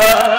yaa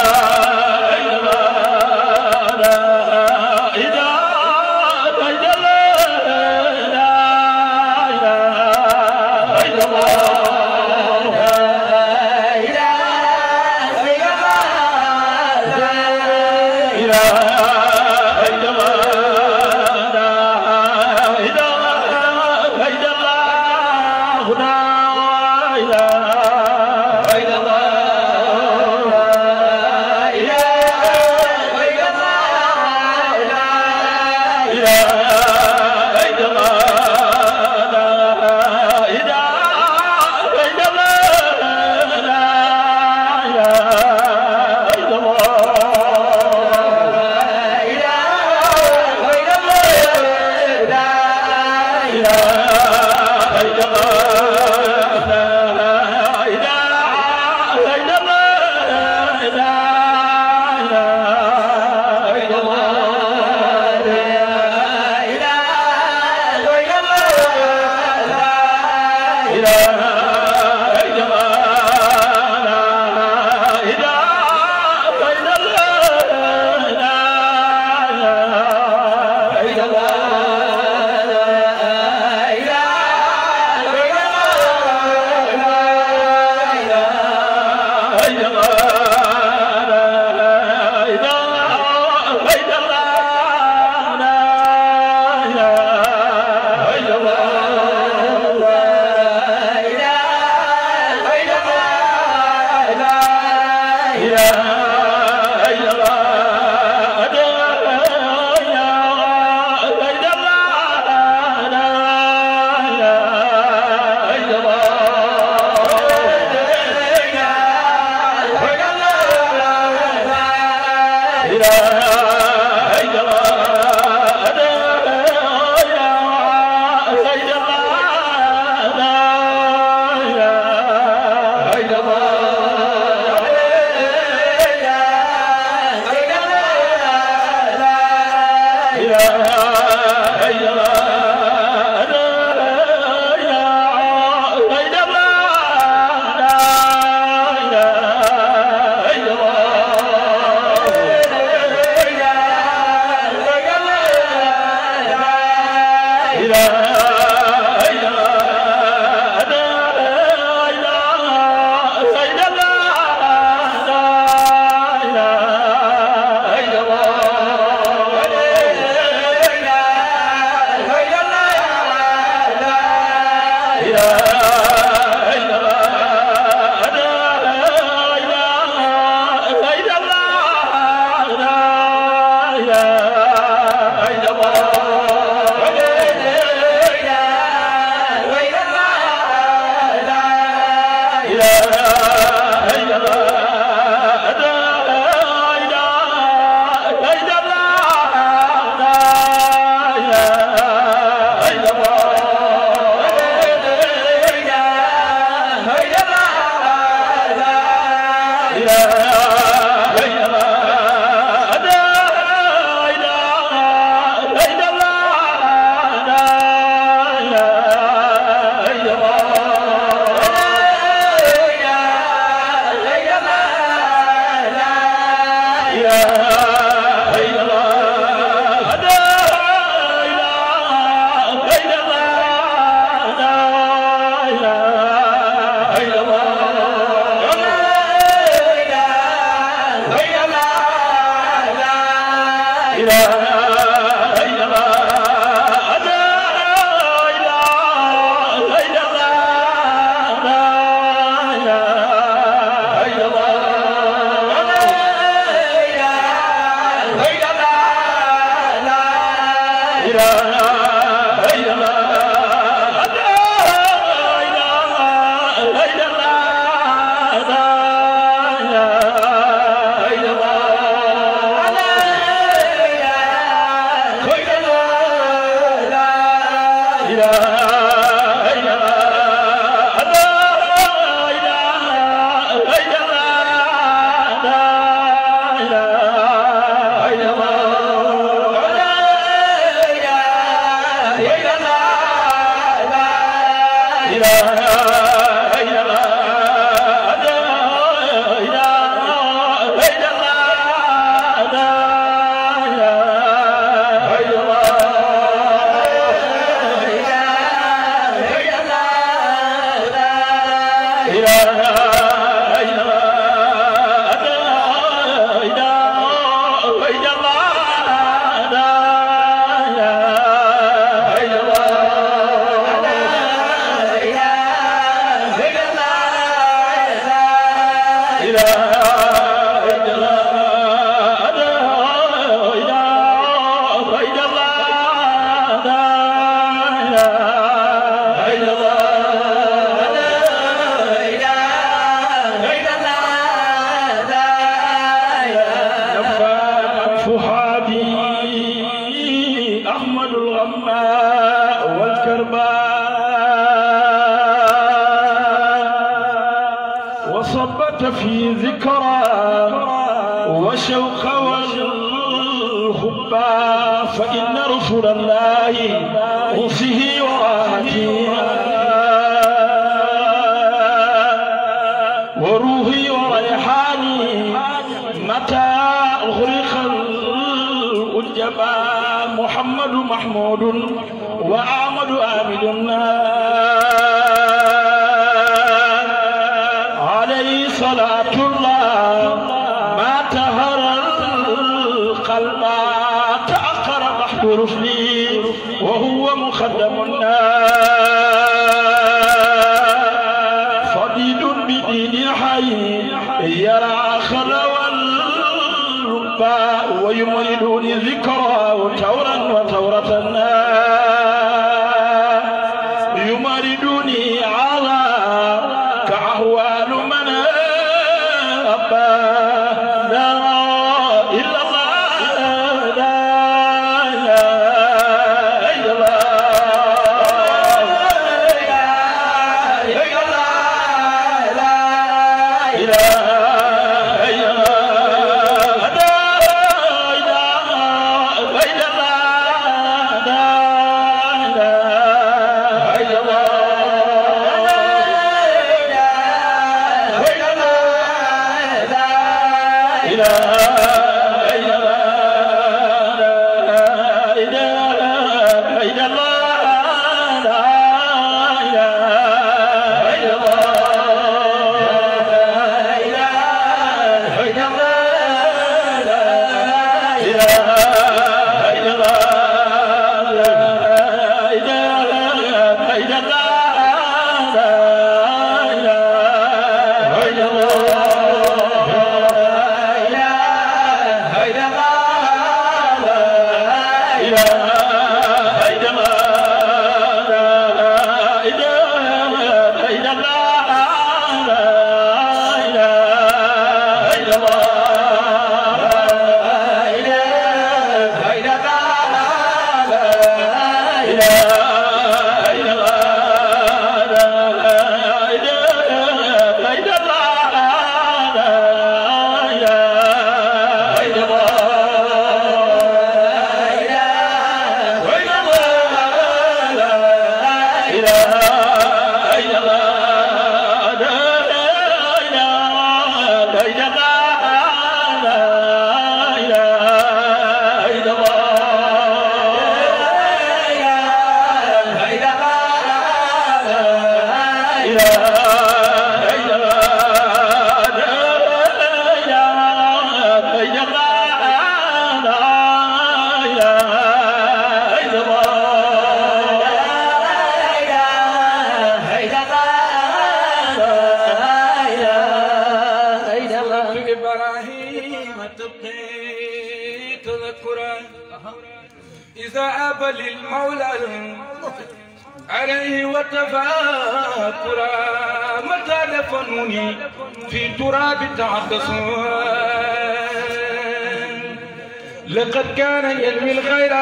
قد كان ينوي الخير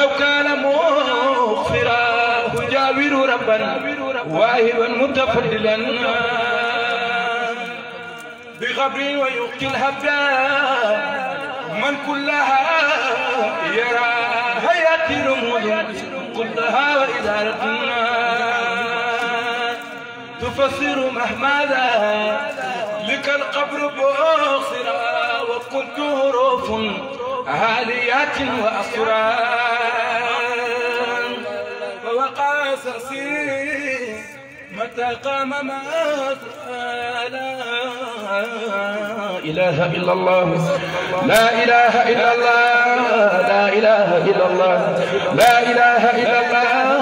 لو كان مغفرا يجاور ربا واهبا متفضلا بغبر ويلقي الهبدا من كلها يرى هياتي رموز كلها وإدارتنا تفسر مهماذا لك القبر بوصرا قلت هروف عاليات وأسرار ووقع سرسي متى قام ما لا إله إلا الله لا إله إلا الله لا إله إلا الله لا إله إلا الله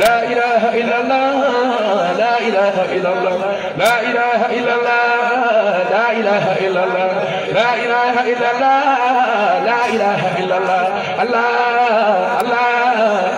لا إله إلا الله لا إله إلا الله لا إله إلا الله لا إله إلا الله لا إله إلا الله لا إله إلا الله الله الله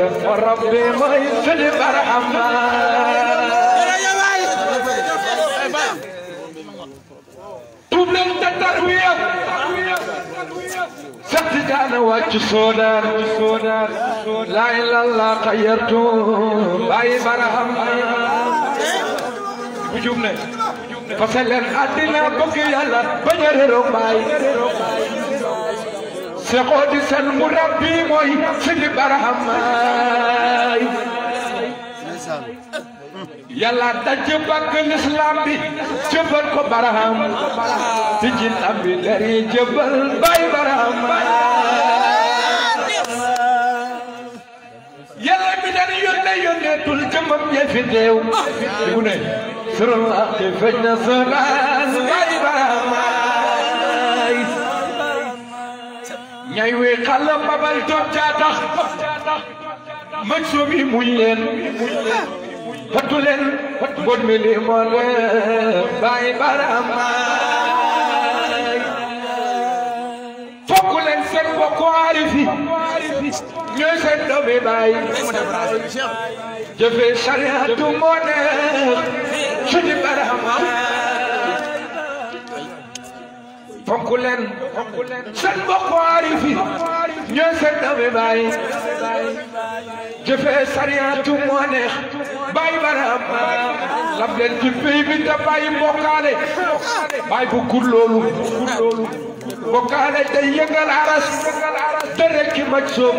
وربي ما يسلم برحمة توب لن تتروية سكتت أنا وجه سودان لا إلا الله خيرته باي برحمة وجوبنا فسلن أدنا بقي الله بنير رمائي seqoo di seen mu rabbi mooy Sidi Barahamaay yàlla daj bàkk lislaam bi jëbal ko baraham ci jinnam bi dari jëbal bay baraham yàlla mi dari ne sërël ak feñ na sëraan ñay wi xalla babal toog caa tax maj sobi muñ leen fattu leen bon mi baramaay fokk leen seen bokk arifi ñooy seen doomi baay jëfe sariatu moo neex baramaay fonk leen seen mbokku aarif yi ñooy seen doomi baay jëfee sariyaatu moo neex baay baram lab leen ci pays bi te bàyyi mbokkaale baay bu gul loolu mbokkaale day yëngal aras dere ki maj soog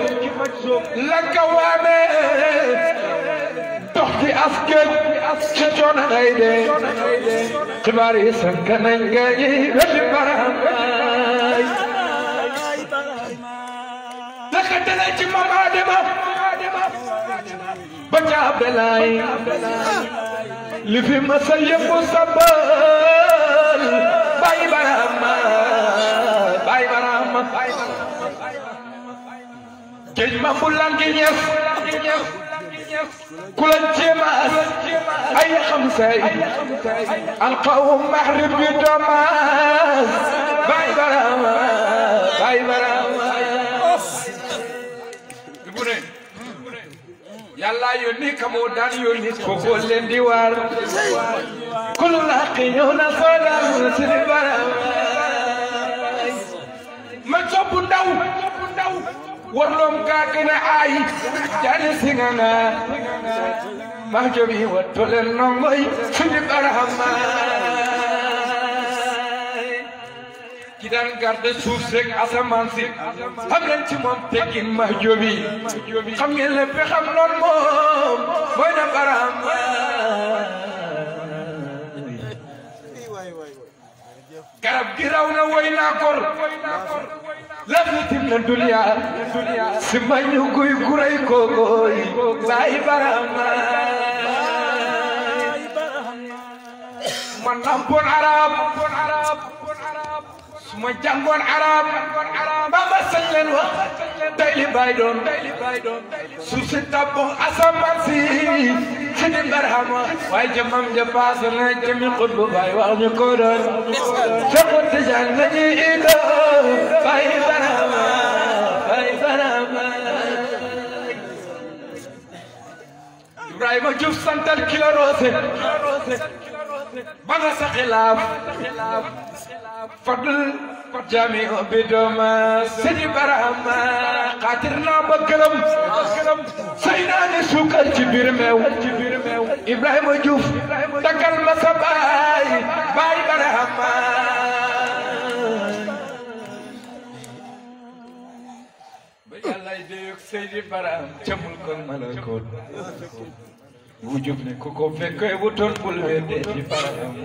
la ka waamee dox ci askan ci coono lay dee xibaar yi sant nañ nga ñi wetu baram naka dale ci mama Adama ba ca Abdoulaye li fi ma sa yëngu sabal bàyyi barama bàyyi barama géej ma mbulan gi ñes ku la jéemaas ay xam say alqawm maxrib bi doomaas bay barama bay barama bu ne yàlla si barama ma coppu ndaw warlom kakene ayi jani singana mahjomi wattolen nongoy sudi barahama kidan garde suuf seeg asamaan si xam leen ci moom teggin mahjomi xam ngeen lépp xam loon moom mooy na barahama garab na woy naa lafitim na duniya si mañu guy guray kogoy baay barama man am bon arab bon arab su ma jàngoon arab bamba sañ leen wax tey li bay doon suuf si tabbu asamaan si si di barhama waaye jëmam ja paase na jëmi xut bu bay wax ñu ko doon fekk tijaan la ñuy idoo bay barhama bay barhama Ibrahima Diouf santal kilo roose bana sa xilaaf fadl jami bidoma sëñ Barahama xaatir naa ba gërëm say naa ne suukar ci biir meew baay baay mu jub ne ku ko fekkee wutoon bul wedde ci faram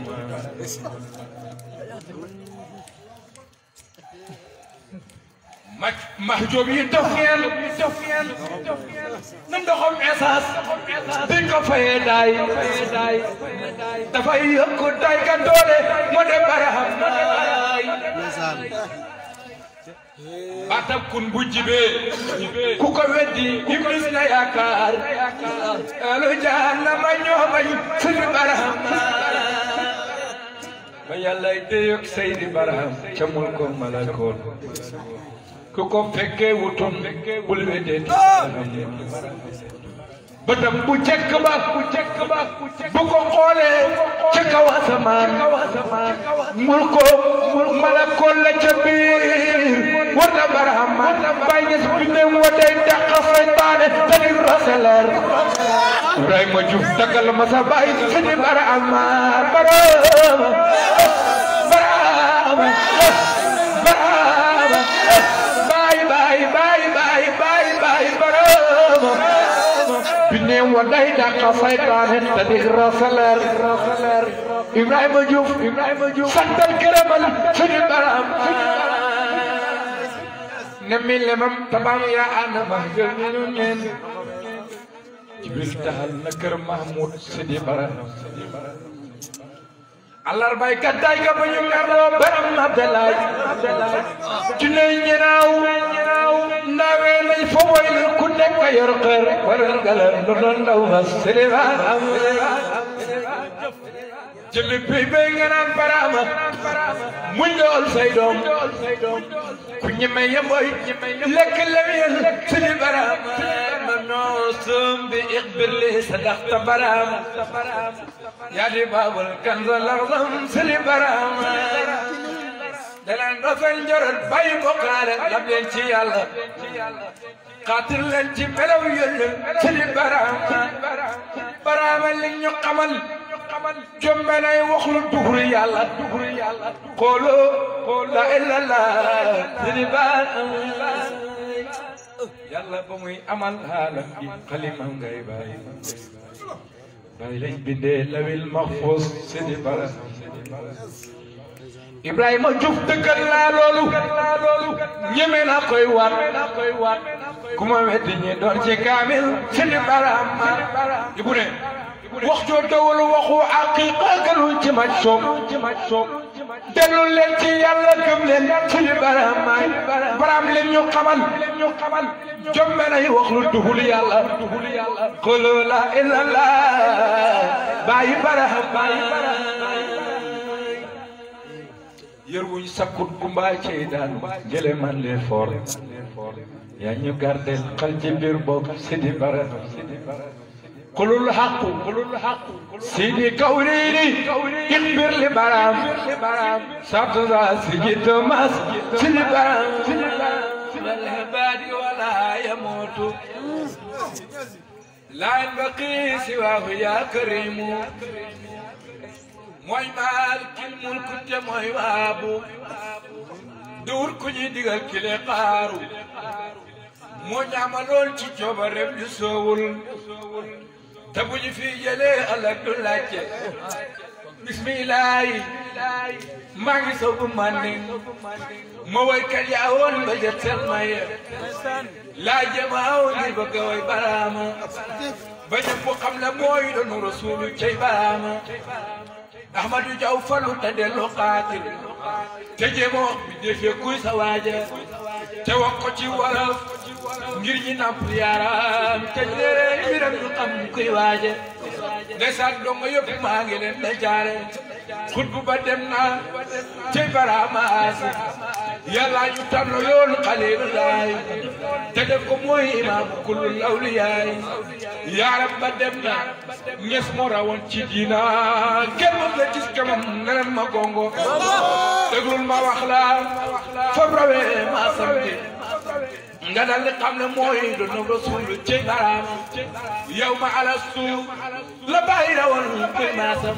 ma mahjub yi dof ngeen dof ngeen na ndoxam essence biñ ko fayee daay dafay yokk day ka doole moo de baraham baatab bu jibee ku ko weddi iblis na yaakaar alu jahannama ñoo bañ suñu baraham ba yàlla déyog baraham ca mul ko malakoon ku ko fekkee wutoon bul weddee bëtam bu jekk ba bu jekk ba bu ko xoolee ca kaw asamaan mul ko malakool la ca biir war na barahama bàyyi ñes bi ne moo day dàq saytaane te di raseleer Ibrahima Diouf dagal ma sa bàyyi sëñ barahama barahama barahama barahama bàyyi bàyyi bàyyi bàyyi bàyyi barahama binneem wa day dàqa saytaane te di rasaleer Ibrahima Diouf Ibrahima Diouf santal gërëmal suñu baram ne mi lemam tabaam yaa ana ma jël ñu neen jibil taxal na kër Mahmoud Sidi Bara alarbay kattay ka bañu karlo baram abdallah junay ñenaaw ndawe lay fo way la ku nekk yor xër waral galar lu doon ndaw ma sëriñ am ci bi bi bay nga naan baraama muñ dool say doom ku ñeme yemboy lekk lewyen suñu baraama noosum bi iqbir li sadaxta baraama yaa di baabul kanza laxdam suñu baraama dalaan dofel njorot bàyyi bokkaale lab yàlla xaatir leen ci melaw yónneen ci li baraama baraama li ñu xamal jombe nay wax lu dugur yàlla xooloo la ilalla ci li baraama yàlla ba muy amal xaalam bi xalima ngay bàyyi bàyyi lañ bindee lawil maxfuus ci li baraama Ibrahima Diouf dëggal naa loolu ñeme na koy war ku ma weddi ñi door ci kaamil seeni baraam maa ibu ne wax joo dowul waxu aqiqa galul ci maj soom dellul leen ci yàlla gëm leen seeni baraam maa baraam leen ñu xamal jombe nay wax lu duhul yàlla qul laa ilaaha illallaah bàyyi baraam maa yër wuñ sakkut bu mbaacee daanu jële man lee foor yaa ñu gardel xal ci biir bopp sidi bara kulul haqu sidi kawrini ikbir li baram sabtuda sigito mas sidi baram lalhabadi wala yamutu la yanbaqi siwahu ya karimu mooy maalikil mulk te mooy waabu duur ku ñuy digal kile xaaru moo ñaama lool ci cooba rem soowul te bu ñu fi jëlee alal du laajte bismillaahi maa ngi soogu mànni ma woykat yaa woon ba jët sel ma ye laa jëma aw ngir bëgg a woy baraama ba ñëpp xam la mooy doonu rasuulu cey baraama ahmadu jaw falu te dellu xaatir te jéemoo bi defee kuy waaje te wax ko ci wolof ngir ñi nàmp yaram te leere mbiram ñu xam kuy waaje ndeysaan dongo yëpp maa ngi leen da jaare bu ba dem naa cey baraamaas yàlla ñu tànn yoonu xalilu laay te def ko mooy imaam kullul awliyaay yaaram ba dem na ñes moo rawoon ci diina kenn moom la gis kamam neneen ma gongo déglul ma wax la fam rawee maa samte nga dal di xam mooy dunu rasul ci garam yow ma alastu la bàyyi la woon kuy maasam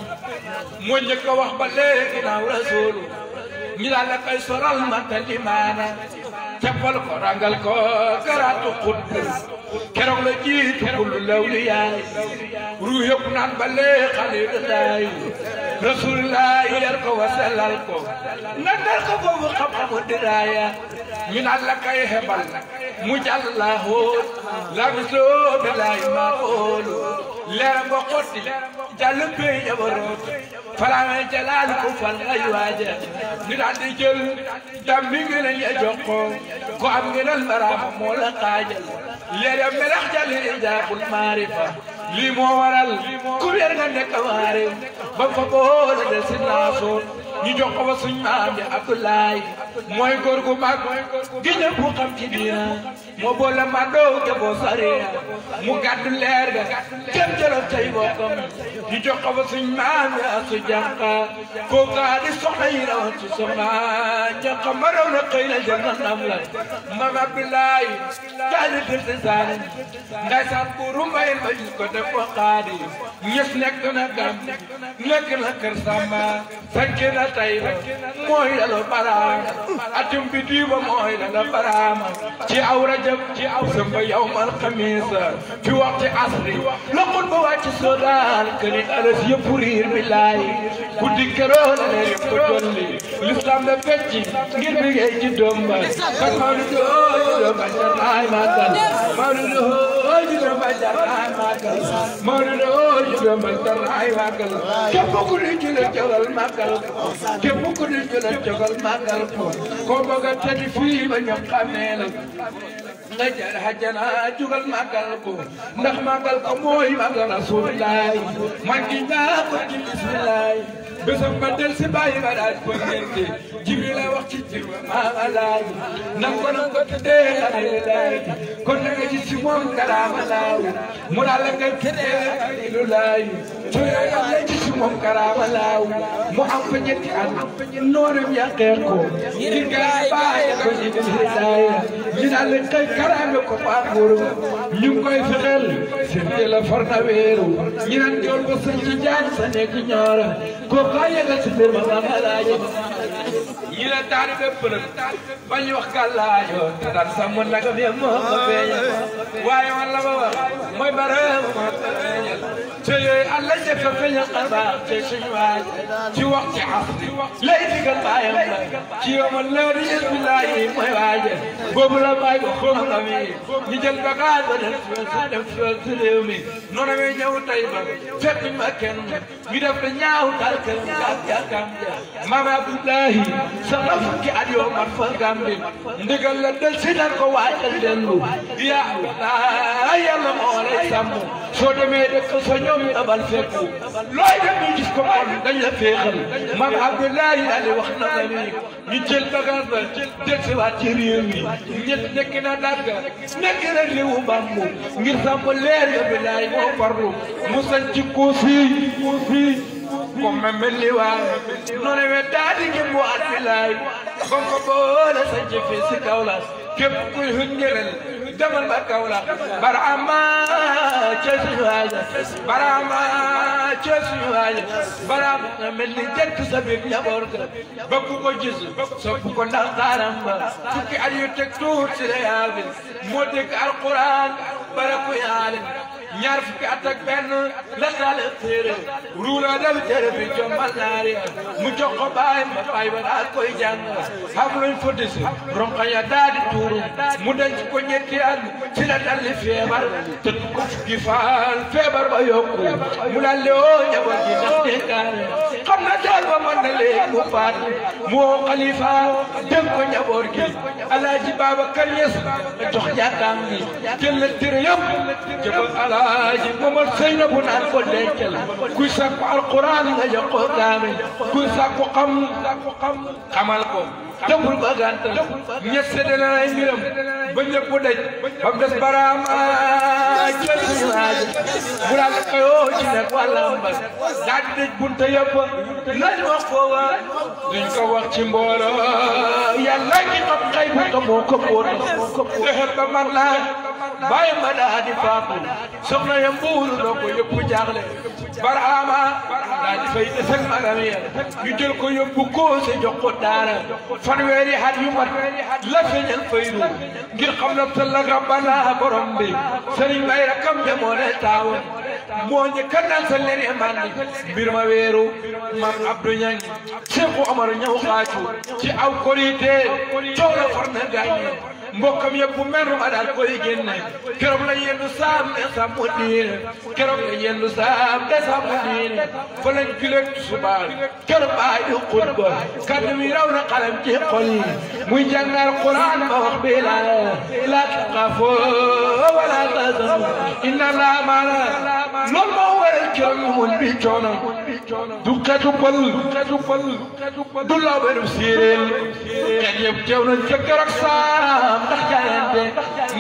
moo njëkk a wax ba léegi naaw rasul ñu daal la koy soral manta limaana cappal ko rangal ko garaatu xutb keroog la jiitu kullu lawliyaa ruux yëpp naan ba léegi xaliilulaay rasulullah yar ko wasalal ko nga dal ko boobu xam-xamu diraaya من علك يهبل مجله لرسول لا يقول لا بقول جلبي يبرد فلا جلالكم فلا يواجه نرد جل دمي من يجوكم قام من المرام مولا قاجل لرم ملخ جل إجاب المعرفة لي مو ورال كبير غنك وارم بفقول دسناسون ñu jox ko ba suñu maam di Abdoulaye mooy góor gu mag gi ñëpp xam ci diina moo boole mandoo te boo saree mu gàddu leer ga jëm jëlal tey bokkam ñu jox ko ba suñu maam di Asu Janqa kookaa di soxna yi rawan ci soxna Janqa ma raw na xëy na jël na ndam la maam Abdoulaye jaani dirti saani ndaysaan buuru mbayeen ma gis ko def ko xaadi ñës nekk na gam nekk na kër Samba fekkee tey mooy lalu baraam atum bi diiba mooy lalu baraam ci aw rajab ci aw samba yawmal xamiis fi waxti asri loxul ba wàcc sodaan këni alas yëpp riir bi laay ne yëpp dolli l'islam képp ku dul jullit jógal màggal ko ko bëgg a tëddi fii ba a xamee la nga jar hajjana jógal màggal ko ndax màggal ko mooy màggal Rasulullah man gi naa ko ci bismillah bésam ba del si bàyyi ba daaj ko ngente jibril la wax ci jiw maama laaj nan ko nan ko tëddee xamee la laaj kon na nga gis si moom karaama laaw mu daal la nga tëddee xamee lu mu ne yàlla ji ci moom karaama laaw mu am fa ñetti at noonam yàqee ko ngir gaay baaye ko ci hidaaya ñu daal di koy karaame ko paan nguurum ñu ngi koy fexeel sirte la farna weeru ñu naan jool ba sëñ ci jaan sa nekk ñaara koo kaa yëgal si biir ma alaaji ñi la daal di bëppëlëg bañ wax gàllaajo te daan sàmm nagam ya moo ko feeñal waaye man la ma wax mooy bareem moo ko feeñal te yooyu àll jafe fa ña xabaar te suñu waay ci waxtu xas lay digal baayam la ci yow ma loolu yëpp laay mooy waaje boobu la bàyyi ko xam-xam yi ñu jël bagaas ba def sa def sa réew mi noonu ngay ñëw tey ba fekk ma kenn ñu def ko ñaaw tàlkal ak jàkkam ja maam Abdoulahi sama fukki at yoo mat fa Gambi ndigal la del si nan ko waajal dellu yaa Allah yàlla moo lay sàmm soo demee dëkk sa ñëw abal fekku looy dem ñu gis ko kon dañ la féexal man Abdoulaye Ali wax na la ni ñu jël bagage ba jël si waat ci réew mi ñett nekk na dàgga nekk na réewu bàmbu ngir samp leer Abdoulaye moo farlu mu sañ ci kuusi kuusi ko meme li waay noonu we daa di ngi mu Abdoulaye kon ko boole sañ ci fii si kaw la képp kuy hungerel demal ba Kaolack barama ca suñu waaja barama ca suñu waaja barama nga mel ni jant sa biir njaboot ga bëgg ko gis sopp ko ndax taaram ba fukki at yu teg tuuti la yaa moo dégg alquran bara ku yaale ñaar fukki at ak benn la dal téere ruula dem téere jombal naari mu jox ko baayam ba baay ba daal koy jàng xam luñ fëddi ya daal tuuru mu denc ko ñetti at ci la dal di feebar te du ko fukki faal feebar ba yokku mu dal di woo njaboot gi ndax dénkaane xam na daal ba mën na gi alaaji Babacar Ñas jox jàkkaam alaaji Momar Seynabu na ko dencal kuy a alquran nga jox ko kaamil kuy sàkku xam xamal ko tëbul ba gàntal ñett séddale ay mbiram ba ñëpp daj ba mu des baraama jël suñu aajo bu daal di xëyoo ci nekk wàllam ba daal di dëj bunta yëpp nañ wax ko waa duñ ko wax ci mbooloo yàlla ci xam xëy bu ko moo ko bóot fexet ba man laa bàyyi ma daa di faatu soxna ya mbuuru doo ko yëpp jaaxle baraama daal di fay deseg malam ya ñu jël ko yóbbu ko sa jox ko daara fanweeri at yu mat la feeñal faydu ngir xam na talla rabbana borom bi sëriñ bay rakam de moo ne taaw moo njëkk a naan sa leen man mbir ma weeru mam abdou ñang cheikhu omar ñaw xaaju ci aw korité coow far na gaañi mbokkam yëpp bu meru ma daal koy génne keroog la yendu saam de sàmm diine keroog la yendu saam de sàmm diine fa lañ fileeg subaan keroog baay di xutba kàddu bi raw na xalam ci xol muy jàngal quran ba wax bi la la taqaafo wala tazanu inna laa maana loolu moo waral keroog yu mun bi coono du xetu pël du lawbeeru séeréer xeet yëpp teew na jëkkër ak saam ndax jaayante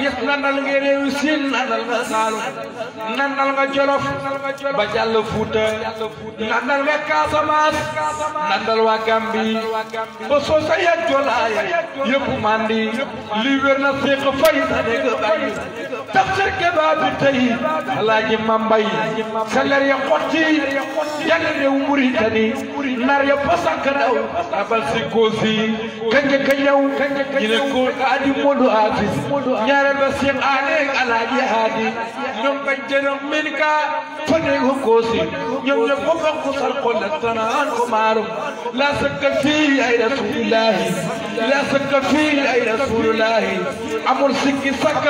ñes nandal nga réewu siin nandal nga saalum nandal nga jolof ba jàll fuuta nandal nga Casamance nandal waa Gambie ba soosa ya jolaay yëpp mandi li wér na séq fay sa dégg bàyyi tafsir kebaa bi tey alaaji mambay salaire ya xot ci réew Muritani nar ya pasakaraw abal si koosi ka njëkk a ñëw ñu ne ko adi modu aafis ñaareel ba seen aaleeg alaaji haadi ñoom bañ jënoon min ka fanee ko koosi ñoom ñoom ba ko sal ko la tanaan ko maarum laa sakka fii ay rasulillahi لا شك فيه أي رسول الله أمر سك سك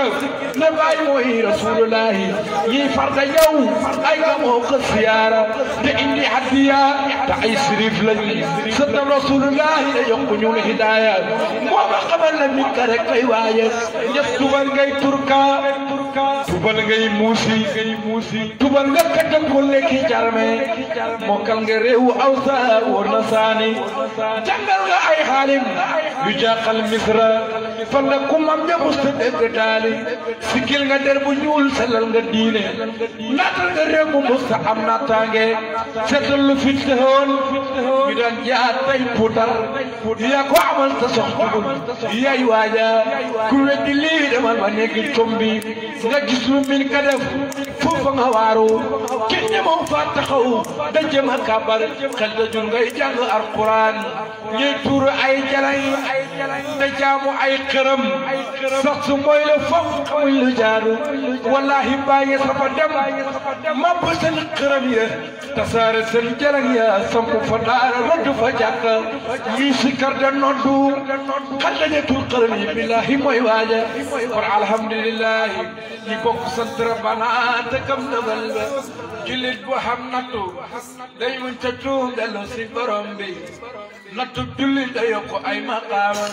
نباي موي رسول الله يفرد يوم أي موقع السيارة لإني حديا تعي شريف لي سنة رسول الله يقنون الهداية وما قبل من كرك أيوايس يستوى الجاي تركا tubal ngay muusi ngay muusi tubal nga katta kulle ki jarme mokkal nga réewu awsa wa nasaani jàngal nga ay xaalim yu jàqal misra fan nga kumam ña musta dëgg taali sikkil nga der bu ñuul selal nga diine naatal nga réew mu musta am naataange seetal fit teewoon ñu daan jaat tay puutar yaa ko amal ta sox tugul yaay waaja ku weddi lii demal ba nekk tombi nga gis lu min ka def foofa nga a ay jalañ da jaamu ay xërëm sax su mooy la foog muy lu jaadu wallahi bàyyi sa fa dem mabb seen xërëm ya tasaare seen jalañ ya samp fa daara rëdd fa jàkk ñuy sikkar da noddu xel dañu tuur xërëm yi billahi mooy waaja alhamdulillahi ñi bokk sant rabbana kam dogal ba jullit bu xam nattu day muñ ca borom bi nattu jullit da yokku ay maqaama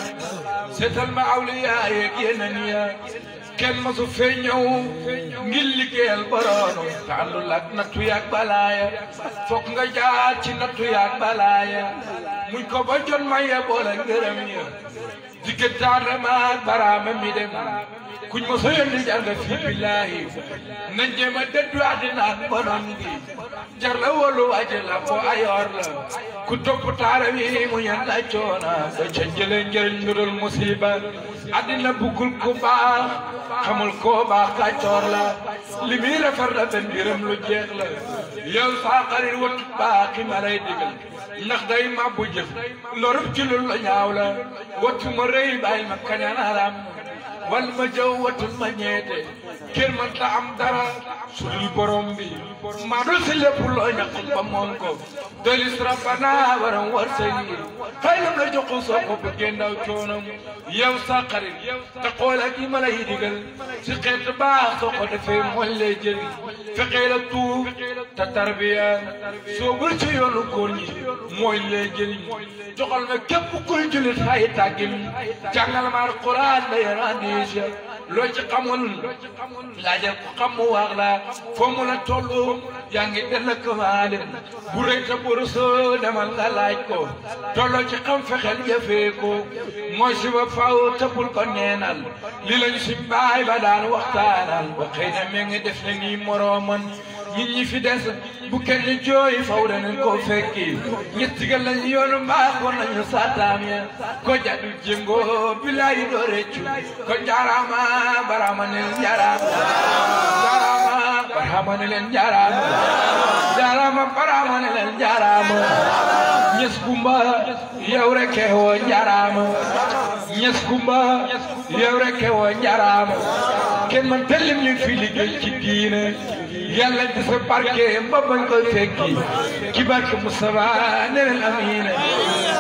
seetal ma awliyaa yeeg yeneen ya kenn masu fee ñëw ngir liggéeyal borom te nattu yaag balaaya fokk nga jaar ci nattu yaag balaaya muñ ko ba jot ma yeboole ngërëm ya diggante Adama ak Baraama mi dem kuñ ma sooyoon di jar nga fii billaahi nañ jéem a dëddu àddina ak bonoon bi jar la wóolu aje la ko ayoor la ku topp taara wi mu yan coona ba ca jëlee njëriñ lu dul musiba àddina buggul ku baax xamul koo baax kàccoor la li muy rafar la lu jeex la yow saa xarit wut baaxi ma lay digal ndax day màbbu jëf lorub ci lu la la wattu ma rëy bàyyi ma kañaan araam wal ma jawwatu ma ñeete kër man ta am dara sudul borom bi ma do si lépp loo ñàkk ba moom ko dolis rabbana waram war sëñ fay lam la jox soo ko bëggee ndaw coonam yow sa xarit te xool ak yi ma lay digal si xeet baax soo ko defee mooy lay jël fexeel ak tuub te tarbiya soo bul ci yoonu góor ñi mooy lay jël ma képp kuy julit ay tàggim jàngal ma alquran da yarandi xaalis ya loo ci xamul laajal ko xam mu wax la foo a la toll yaa ngi delloo ko waale bu rëy te bu rusoo demal ko tolloo ci xam fexeel jafee mooy si ba faaw tëbul ko neenal li lañ si baay ba daan waxtaanal ba xëy na ngi def ne nii morooman ñun ñi fi des bu kenn jooy faw danañ ko fekki ñi tigal lañu yoonu mbaax war nañu saataam ya ko jadu jéngo bilaay doo rëccu ko jaaraama baraama ne leen jaaraam jaaraama baraama ne leen jaaraam jaaraama baraama ne leen jaaraam ñes kumba yow rek e woo yàlla def sa barke ba bañ ko fekki ci barke Mustafa ne leen amiin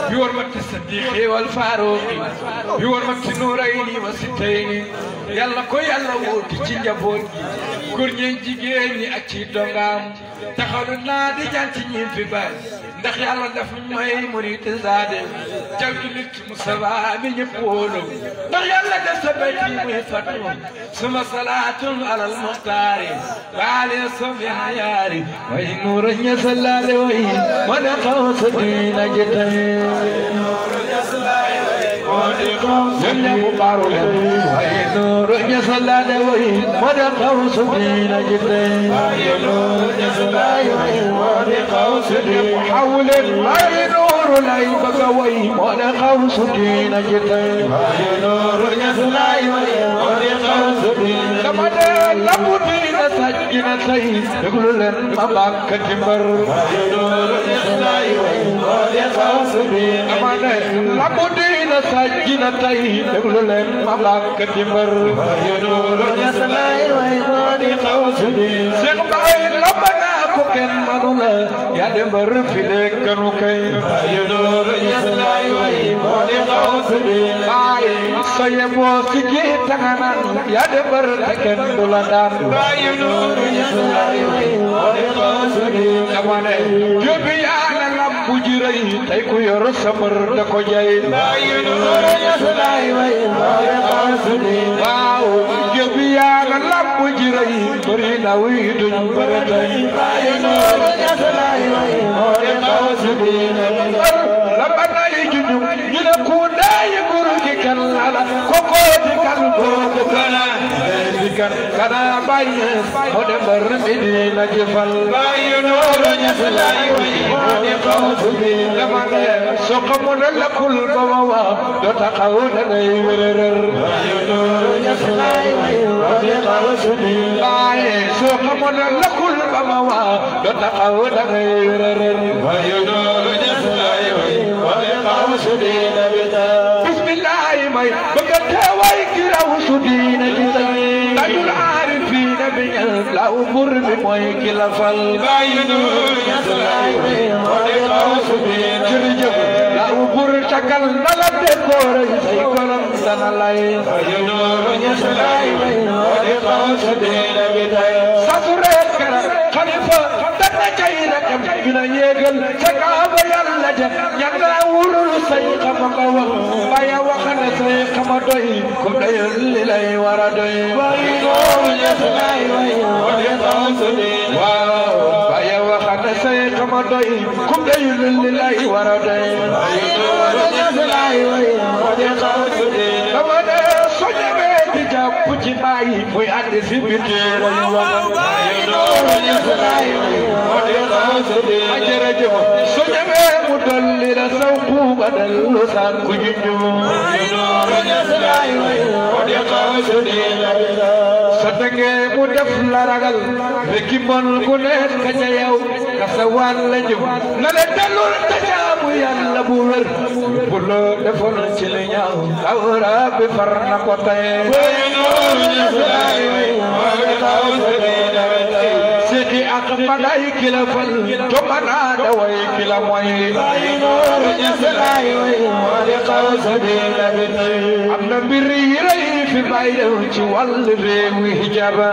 bi war matti Siddiqi e wal Faaruqi bi war matti Nuurayni wa Sitayni yàlla ko yàlla wuuti ci njaboot gi góor ñeen jigéen ñi ak ci dongaam taxalu naa di jaan ci ñiin fi baay ndax yàlla def may murid zaade jawju nit Mustafa mi ñëpp wóolu ndax yàlla def sa bay ci muy fatu suma salaatun alal muxtaari baale سمع ياري وي نور يسلال وي من قوس دين جتي نور يسلال وي نور يسلال وي من قوس دين جتي وي نور يسلال وي من قوس دين حول الغير لي بقوي وانا خوس دين جتي وي نور يسلال وي من قوس دين déglu leen ma bàkk ci mbër dama ne lambu diina sajji na tey déglu leen ma bàkk ci mbër kenn manu la yaa dem ba rëfile kanu kay yaa doo rëyis lay way boo di xaw si bi baay soo yeboo si ji tanganan yaa dem ba rëfile kenn du la daan yaa doo rëyis lay way boo di xaw si bi dama ne jëbi yaa la lambu ji rëy tey ku yor samar da ko jay yaa doo rëyis lay way boo di xaw si bi waaw yàlla làmb ji rëy bëri na wuy duñ bëri tey moo dem taw si biir la banay junjum ñu ne ku daay kan ala koko di kan koko kana di kan kana bay mo dem bar mi na je fal bay no ro nya salay mo ne ko bi la ma de so ko mo la kul ko wa do ta xaw na nay werer bay no ro nya salay mo ne ko bi bay so ko mo la kul ko wa do ta xaw na nay werer bay no ro nya salay mo ne ko bi المقصودين بزين قد العارفين بهم لو مرم مويك لفل باين المقصودين جرجب لو برتك اللد دور يسي قلم دن لين فجنور يسلاي بين المقصودين بزين dina yéegal ca kaaba yàlla ja ñanga wulul say xama nga wax baya wax ne say xama doy ko doyal li lay war a doy way góor ñes lay way waaw baya wax ne say xama doy ko doyal li lay war a doy way góor ñes lay way ci bàyyi muy andi si biti jërëjëf su ñëwee mu dolli la saw kuuba dellu saan ku ji sa tënkee mu def la ragal ne ki mbon ku ne ka ca yow ka sa waan la jëm na la dellul ta jaamu yàlla bu wér bu loo defoon ci li ñaaw awra bi far na ko tey sidi ak maday kila fal to mana da way kila moy am na mbir yi rëy fi bàyyi dew ci wàll réew wi hijaba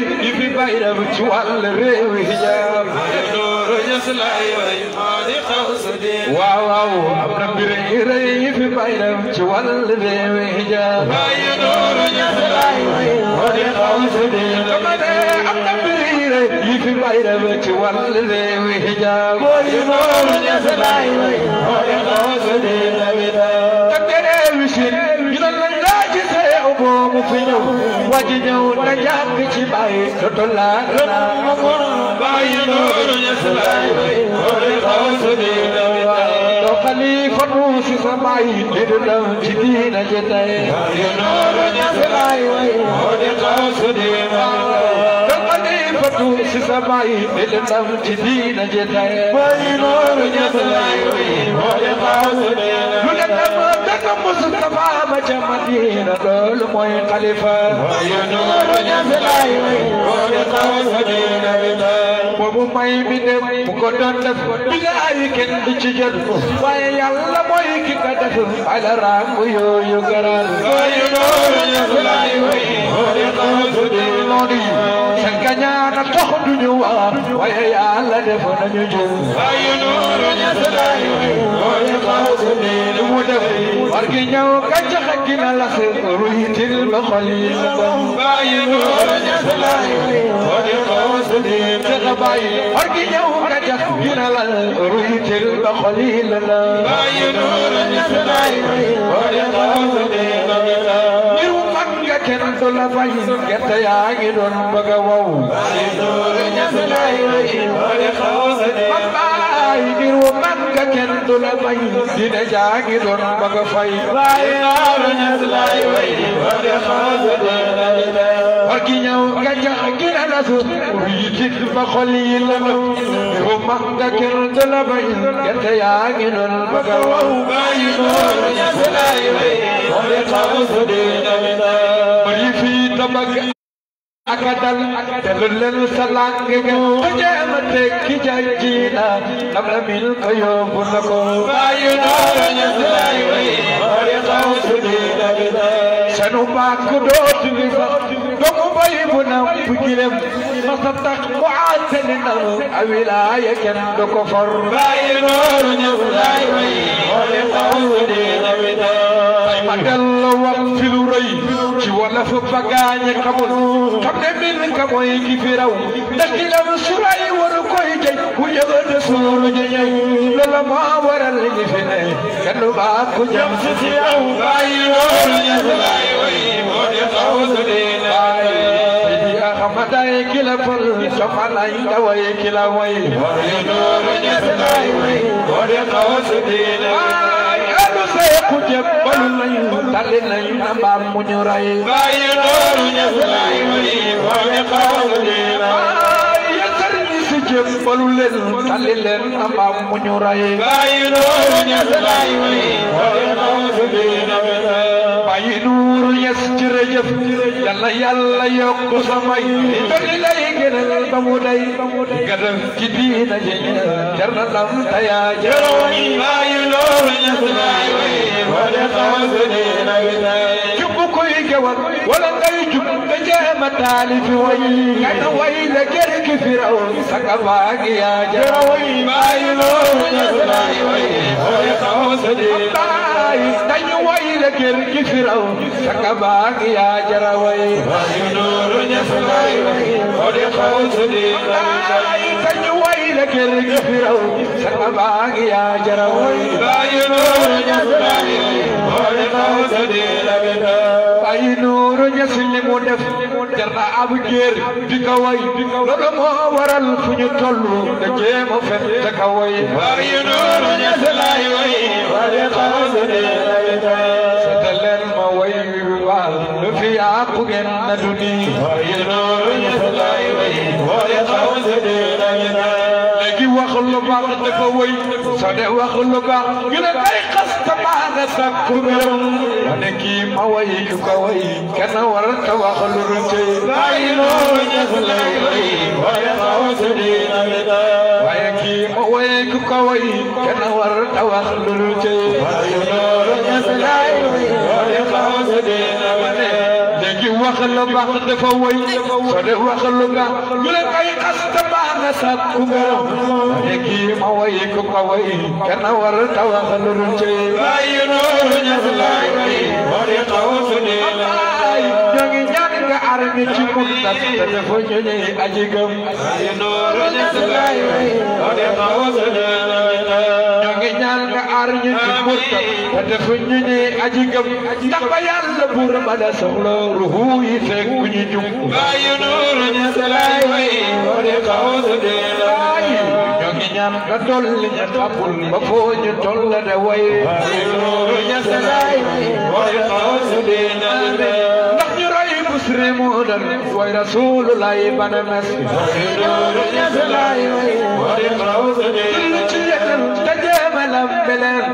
tey yi fi bayram ci wàll réew hijaab waaw waaw am na mbir yi rëy yi fi bayram ci wàll réew hijaab am na mbir yi rëy yi fi bayram ci wàll réew hijaab moomu fi ñëw waji ñëw na jàng ci baay doto laa baay nooru ñes laay ore xaw su diina do xalifatu si sa baay didu la ci diina je tay baay nooru ñes laay ore xaw su ci diina je tay tam Mustafa ma ca Madina loolu mooy xalifa boobu may mi ne bu ko doon def bilaay kenn du ci jot waaye yàlla mooy ki ko def ala raam yooyu garal ñaana tax duñu wax waaye yàlla def nañu jël waaye noonu ña salaay waaye xaw su ne mu def wargi ñëw kàccax ak gi na lax ruyitil ba xol yi bam bàyyi lu ñas laay boo di xoos di fexe bàyyi wargi ñëw kàccax gi na lax ruyitil ba xol yi la la bàyyi lu ñas laay boo di xoos di fexe bàyyi ngir man nga kenn du la fay gerte yaa ngi doon bëgg a wow bàyyi lu ñas laay boo di xoos di fexe bàyyi fay ngir wu man nga kenn du la bañ dina jaagi doon ba nga fay baay naara ñas laay way ba nga xaasa dina ila ba gi ñëw nga jax gi na nasu wii tit ba xol yi la na wu man nga kenn du la bañ gerte yaagi doon ba nga waw baay naara ñas laay way ba nga xaasa dina ila bari fii tabak akadal telulelu salange mu jema tekki janjina namla mil kayo bunako bayu doro nyasai wai bari kau sudi dabida sanu bakku dotu na bu jilem masa tax mu àttali ndaw a wilaaya kenn du ko for bàyyi nooru ñëw laay way xoole xaw de rawita ma dello wax fi lu rëy ci wala fa bagaañe xamul xam ne min ka mooy ki fi raw dakilam suray waru koy jëj bu yëgën suuru jëjëj loolu moo waral ñi fi ne kenn baa ku jam si si aw bàyyi nooru ñëw laay way xoole xaw de فتاي كلا فل شفال عين دوي كلا وي وري نور جسلاي وي وري قوس دين أنا سيق جبل لين تلين لين أمام منيراي وري نور جسلاي وي وري قوس دين balu leen tàlli leen amaam mu ñu raye bàyyi nuuru ñes laay bàyyi nuuru ñes jërëjëf yàlla yàlla yokk samay dolli lay gënal ba mu day gadam ci diina ji jar na nam taya jar bàyyi nuuru ñes laay jub koy gewal wala ngay jub da jeema taalifi way ngay na way nekk firawn saka waa ngi yaa jaraw yi bàyyi loo ñasulaay way mooy xaw sa dee dañu way la kër gi firawn saka waa ngi yaa jaraw yi bàyyi loo ñasulaay way mooy xaw sa dee dañu way la kër gi firawn saka waa ngi yaa jaraw yi bàyyi loo ñasulaay way mooy xaw sa dee ay nuuru ñas li mu def jar na ab géer di ko way loolu moo waral fu ñu toll da jéem a fet da ko way ay nuuru ñas lay way wala xawsune sete leen ma way waal lu fi yàqu ngeen na du nii ay nuuru ñas lay way wala xawsune wax lu baax dafa wëy soo dee wax lu baax ñu ne day xas tabaara sàkku gërëm ma ne kii ma way ki ko way kenn war ta wax lu rëcëy bàyyi loo ñëf lay way waaye xaw sa diina mi waaye kii ma way ki ko way kenn war ta wax lu rëcëy bàyyi loo ñëf lay way waaye xaw sa diina waxal lu baax dafa woy soo def waxal lu baax ñu leen ay xas te baax na sàkku ngërëm ne kii ma woy ku ko woy kenn war ta waxal lu dul ci bàyyi noonu ñas laay moo di xaw su dee la bi ci ko tas te dafa jële aji gëm ñoo ngi ñaan nga aar ñu ci murta te dafa ñu ne aji gëm ndax ba yàlla buur ma da soxla ruhu yi fekk bu ñu jum ñoo ngi ñaan nga dolli ñu xamul ba foo ñu toll de مسلمون ورسول الله بن مسلم تجامل بلن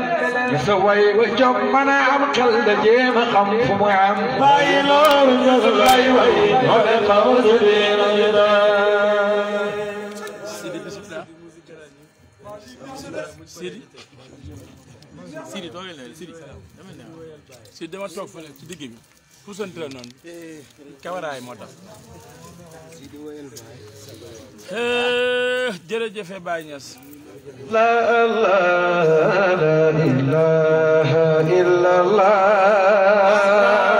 يسوي وجمنا عم كل دجيم خمف معم بايلور جزلاي وي ورقه وزدين سيدي سيدي سيدي سيدي دما توقف في الدقيقه pusante la noonu kawaraay moo tax eh, jërëjëfe Baay Ñas la ilaha illallah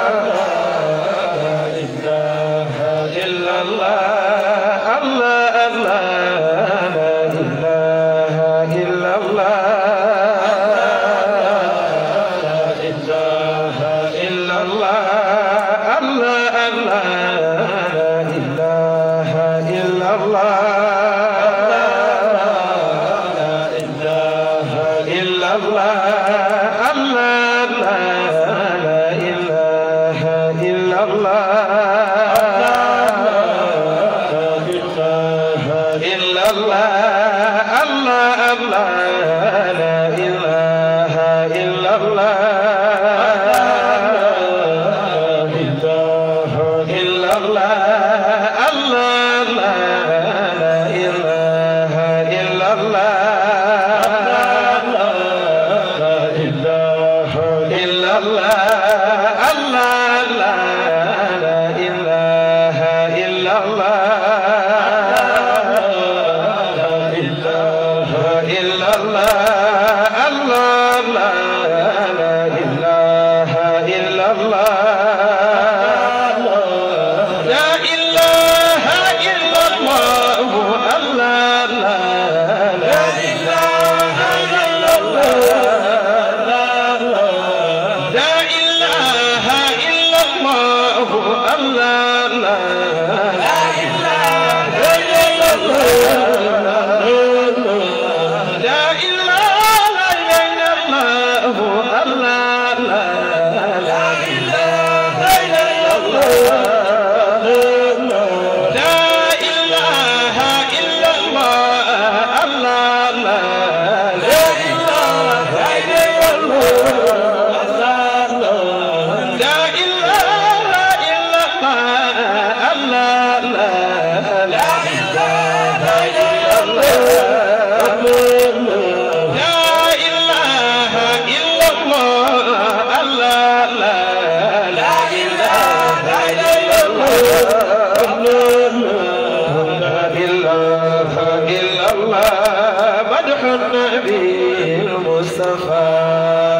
الله مدح النبي المصطفى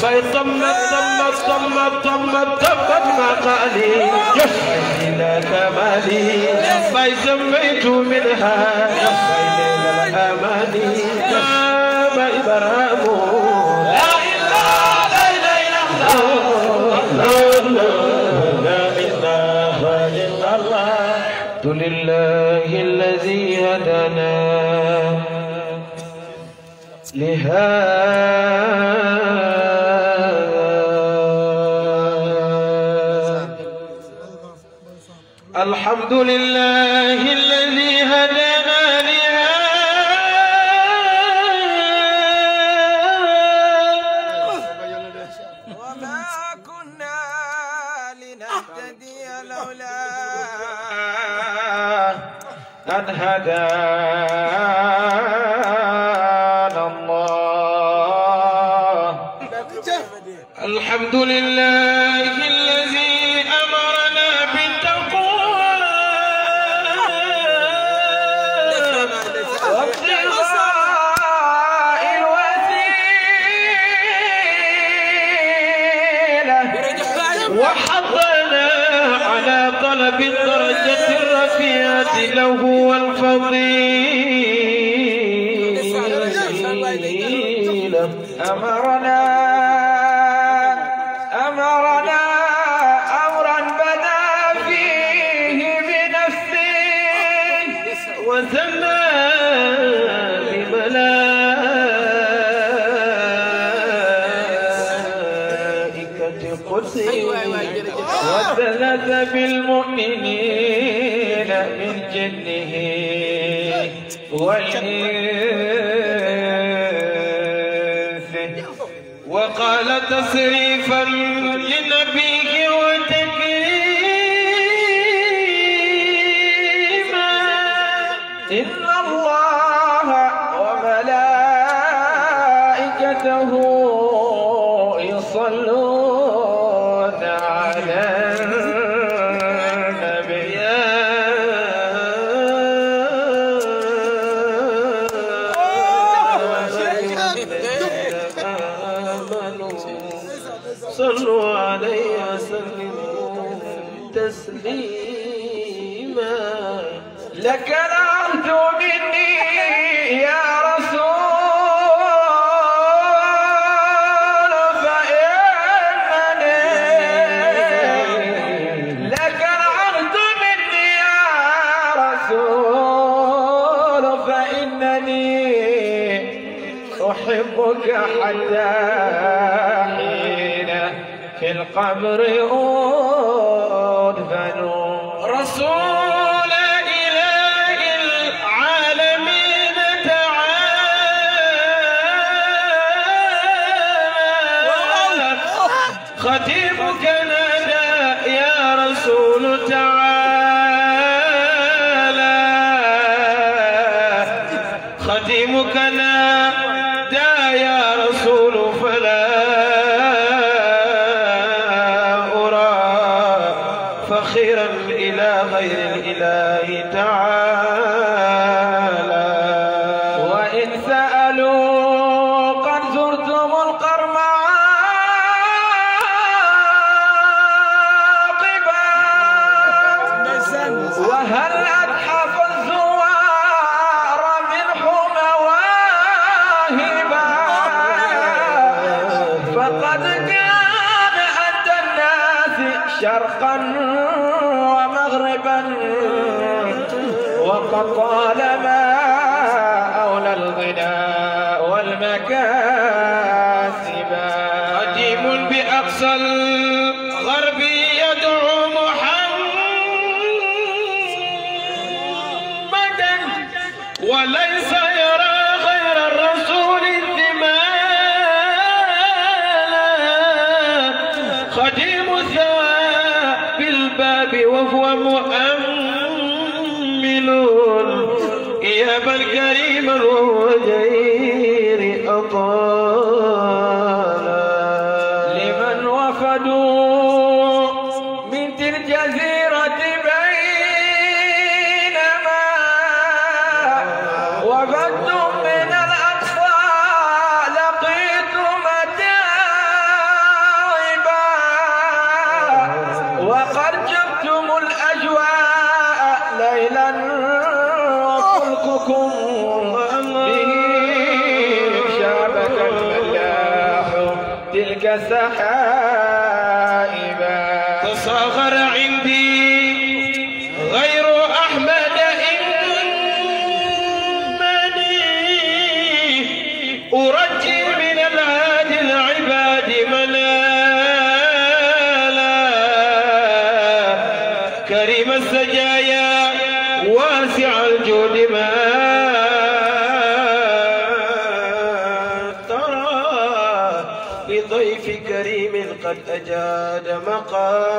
say تمت تمت تمت تمت تمت مقالي يسعي إلى كمالي say سميت منها يسعي إلى الأماني نام إبرام لا إله لا إله لا إله إلا الله لله الذي هدانا لهذا الحمد لله الذي هدانا لهذا وما كنا لنهتدي لولا أن هدانا تسريفا خديم ذا بالباب وهو مؤمن جاد مقام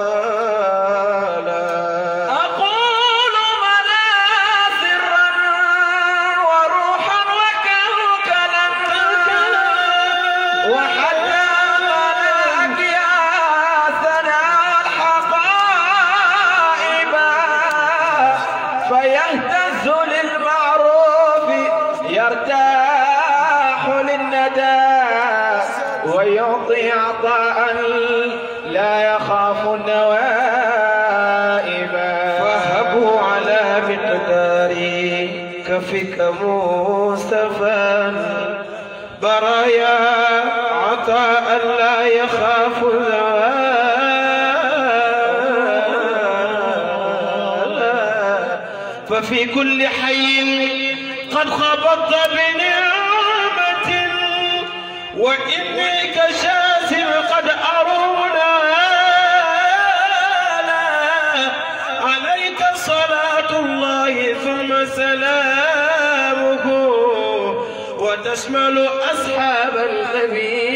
وفي كل حي قد خبطت بنعمة وإني كشاسم قد أرونا عليك صلاة الله ثم سلامه وتشمل أصحاب النبي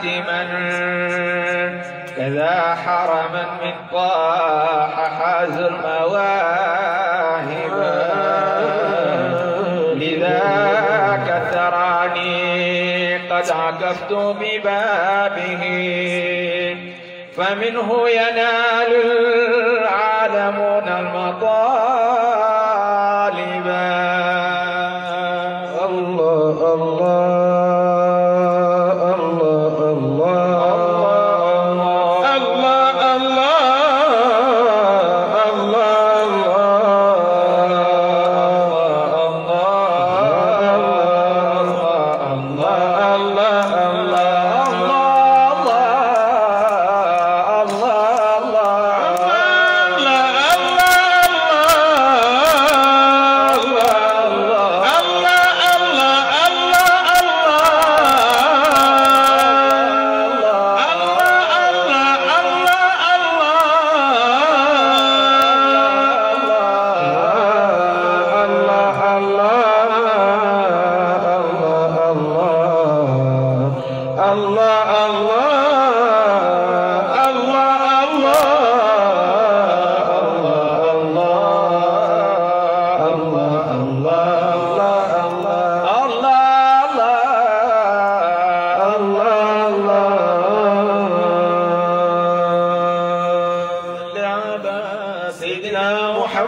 حاتما كذا حرما من طاح حاز المواهب لذاك تراني قد عكفت ببابه فمنه ينال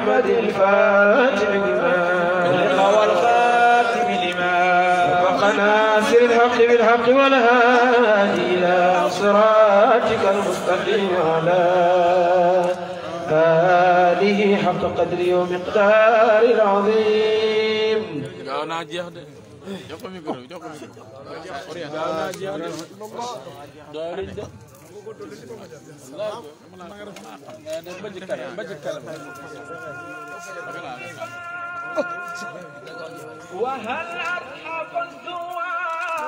محمد الفاتح لما أغلق والخاتم لما سبق ناصر الحق بالحق والهادي إلى صراطك المستقيم على آله حق قدره ومقدار العظيم jox ko micro jox ko micro وهل أرحب الدواء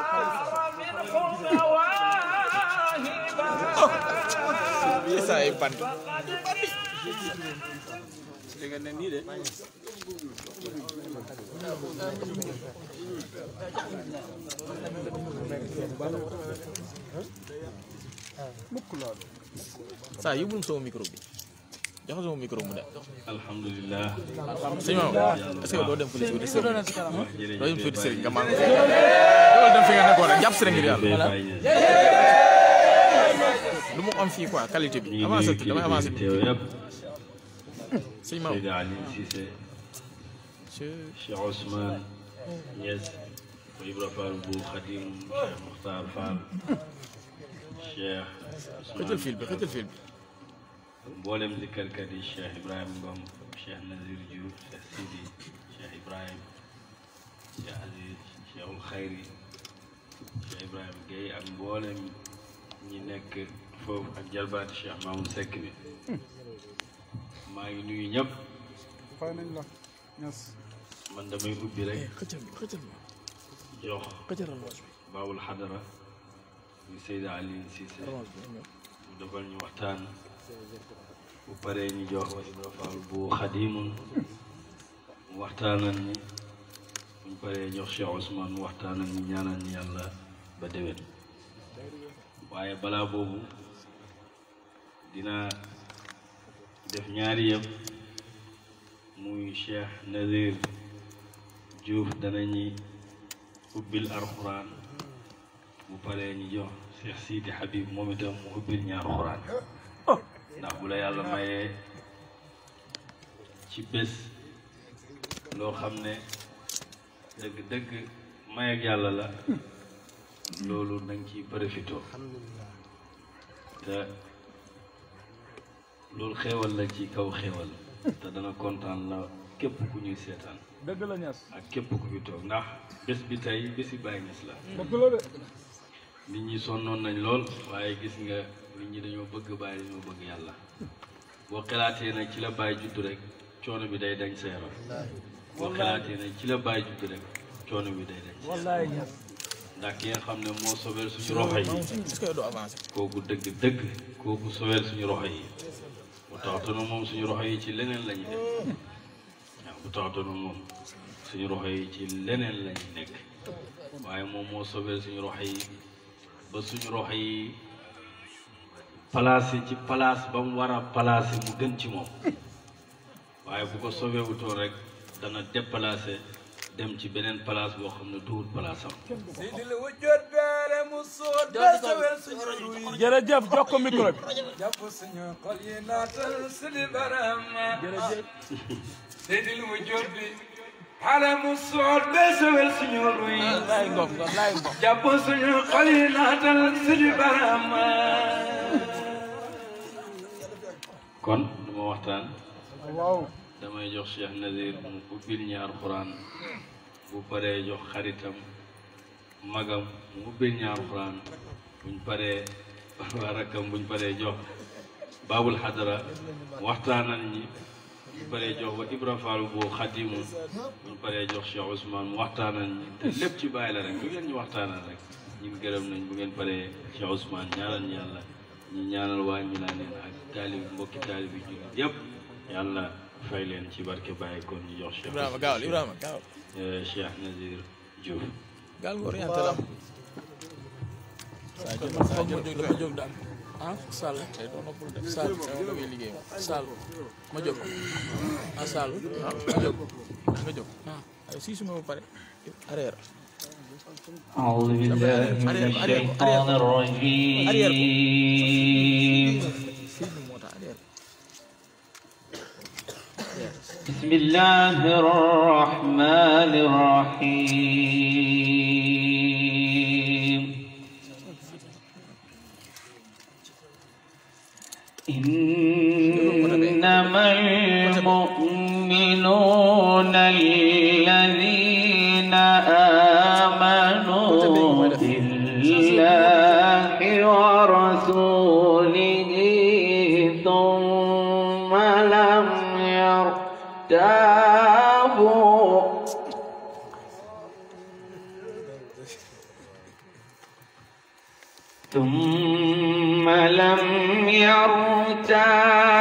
منكم مواهبا فقد mukk loolu saa yóbbul sama micro bi jox sama micro mu dem. alhamdulilah. sëñ Maodo est-ce que doo dem fële si wuti sëriñ doo dem fële si sëriñ nga maa ngi loolu dem fi nga nekkoon rek jàpp si rek ngir yàlla. lu mu am fii quoi qualité bi avancé tuuti damay avancé tuuti. sëñ Maodo. Cheikh Ousmane Niass. Ibrahima Fall bu Khadim Cheikh Mokhtar Fall. cheikh. xëccal fil bi xëccal fil bi. mboolem zikkarkat yi cheikh Ibrahima Ngom cheikh Nazir Diouf cheikh Sidi cheikh Ibrahima cheikh Aziz cheikhul Khayri cheikh Ibrahima Guèye ak mboolem ñi nekk foofu ak jalbaati cheikh Mamoun Seck bi. maa ngi nuyu ñëpp. man damay ubbi rek. Eh, jox baawul xadara. muy Seydou Alioune Cissé mu defal ñu waxtaan bu paree ñu jox wa Ibra Fall bu xadimun mu waxtaanal ñi buñ paree jox Cheikh Ousmane mu waxtaanal ñi ñaanal ñi ba déwén waaye balaa boobu dinaa def ñaari yëpp muy Cheikh Nazir Diouf danañu ubbil alxuraan bu paree ñu jox Cheikh Sidi Habib moom itam mu ubbil ñaar xuraan ndax bu la yàlla mayee ci bés loo xam ne dëgg dëgg may ak yàlla la loolu nañ ciy profité te loolu xéewal la ci kaw xéewal te dana kontaan la képp ku ñuy seetaan dëgg la ñas ak képp ku fi toog ndax bés bi tey bési bàyyi ñas la nit ñi sonnoon nañ lool waaye gis nga nit ñi dañoo bëgg bàyyi dañoo bëgg yàlla boo xalaatee nag ci la bàyyi juddu rek coono bi day dañ sa yaram boo xalaatee nag ci la bàyyi juddu rek coono bi day dañ sa yaram ndax ki nga xam ne moo sobeel suñu roxo yi kooku dëgg dëgg kooku sobeel suñu roxo yi bu taxatoona yi ci leneen lañu dem waaw suñu roxo yi ci leneen nekk waaye moom moo sobeel suñu roxo yi ba suñu rox yi placé ci place ba mu war a placé mu gën ci moom waaye bu ko sobeewutoon rek dana déplacé dem ci beneen place boo xam ne duwul place am. jërëjëf jox ko micro bi. xale mu sool bee sewel suñu luy kon dama waxtaan damay jox Cheikh Nazir mu ubbil ñu alxuraan bu paree jox xaritam magam mu ubbil ñu alxuraan buñ paree waa rakkam buñ paree jox baabul xadara waxtaanal ñi bu paree jox ko Ibra Fall bu xadimu bu paree jox Cheikh Ousmane mu waxtaanal te lépp ci bàyyi la rek bu ngeen ñu waxtaanal rek ñun gërëm nañ bu ngeen paree Cheikh Ousmane ñaanal yàlla ñu ñaanal waa Milaane ak taalib mbokki taalib yi jullit yëpp yàlla fay leen ci barke bàyyi kon ñu jox Cheikh Ibrahima gaaw Ibrahima gaaw euh, Cheikh Nazir Diouf gaal nga orienté la ah Sall tey doon na pour def Sall da ngay liggéey Sall ma jóg ah Sall ma jóg nga jóg ah si suma ba pare arrière أعوذ بالله من الشيطان الرجيم بسم الله الرحمن الرحيم إنما المؤمنون الذين آمنوا حتى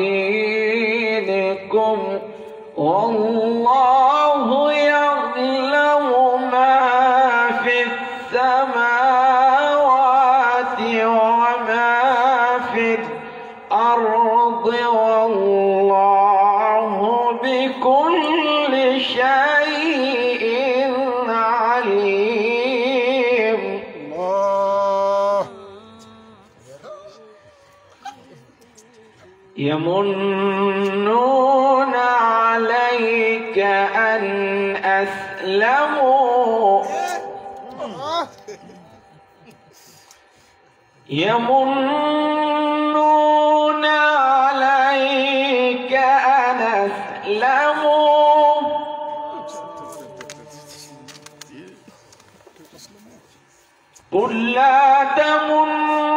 فيه يمنون عليك أن أسلموا قل لا تمنوا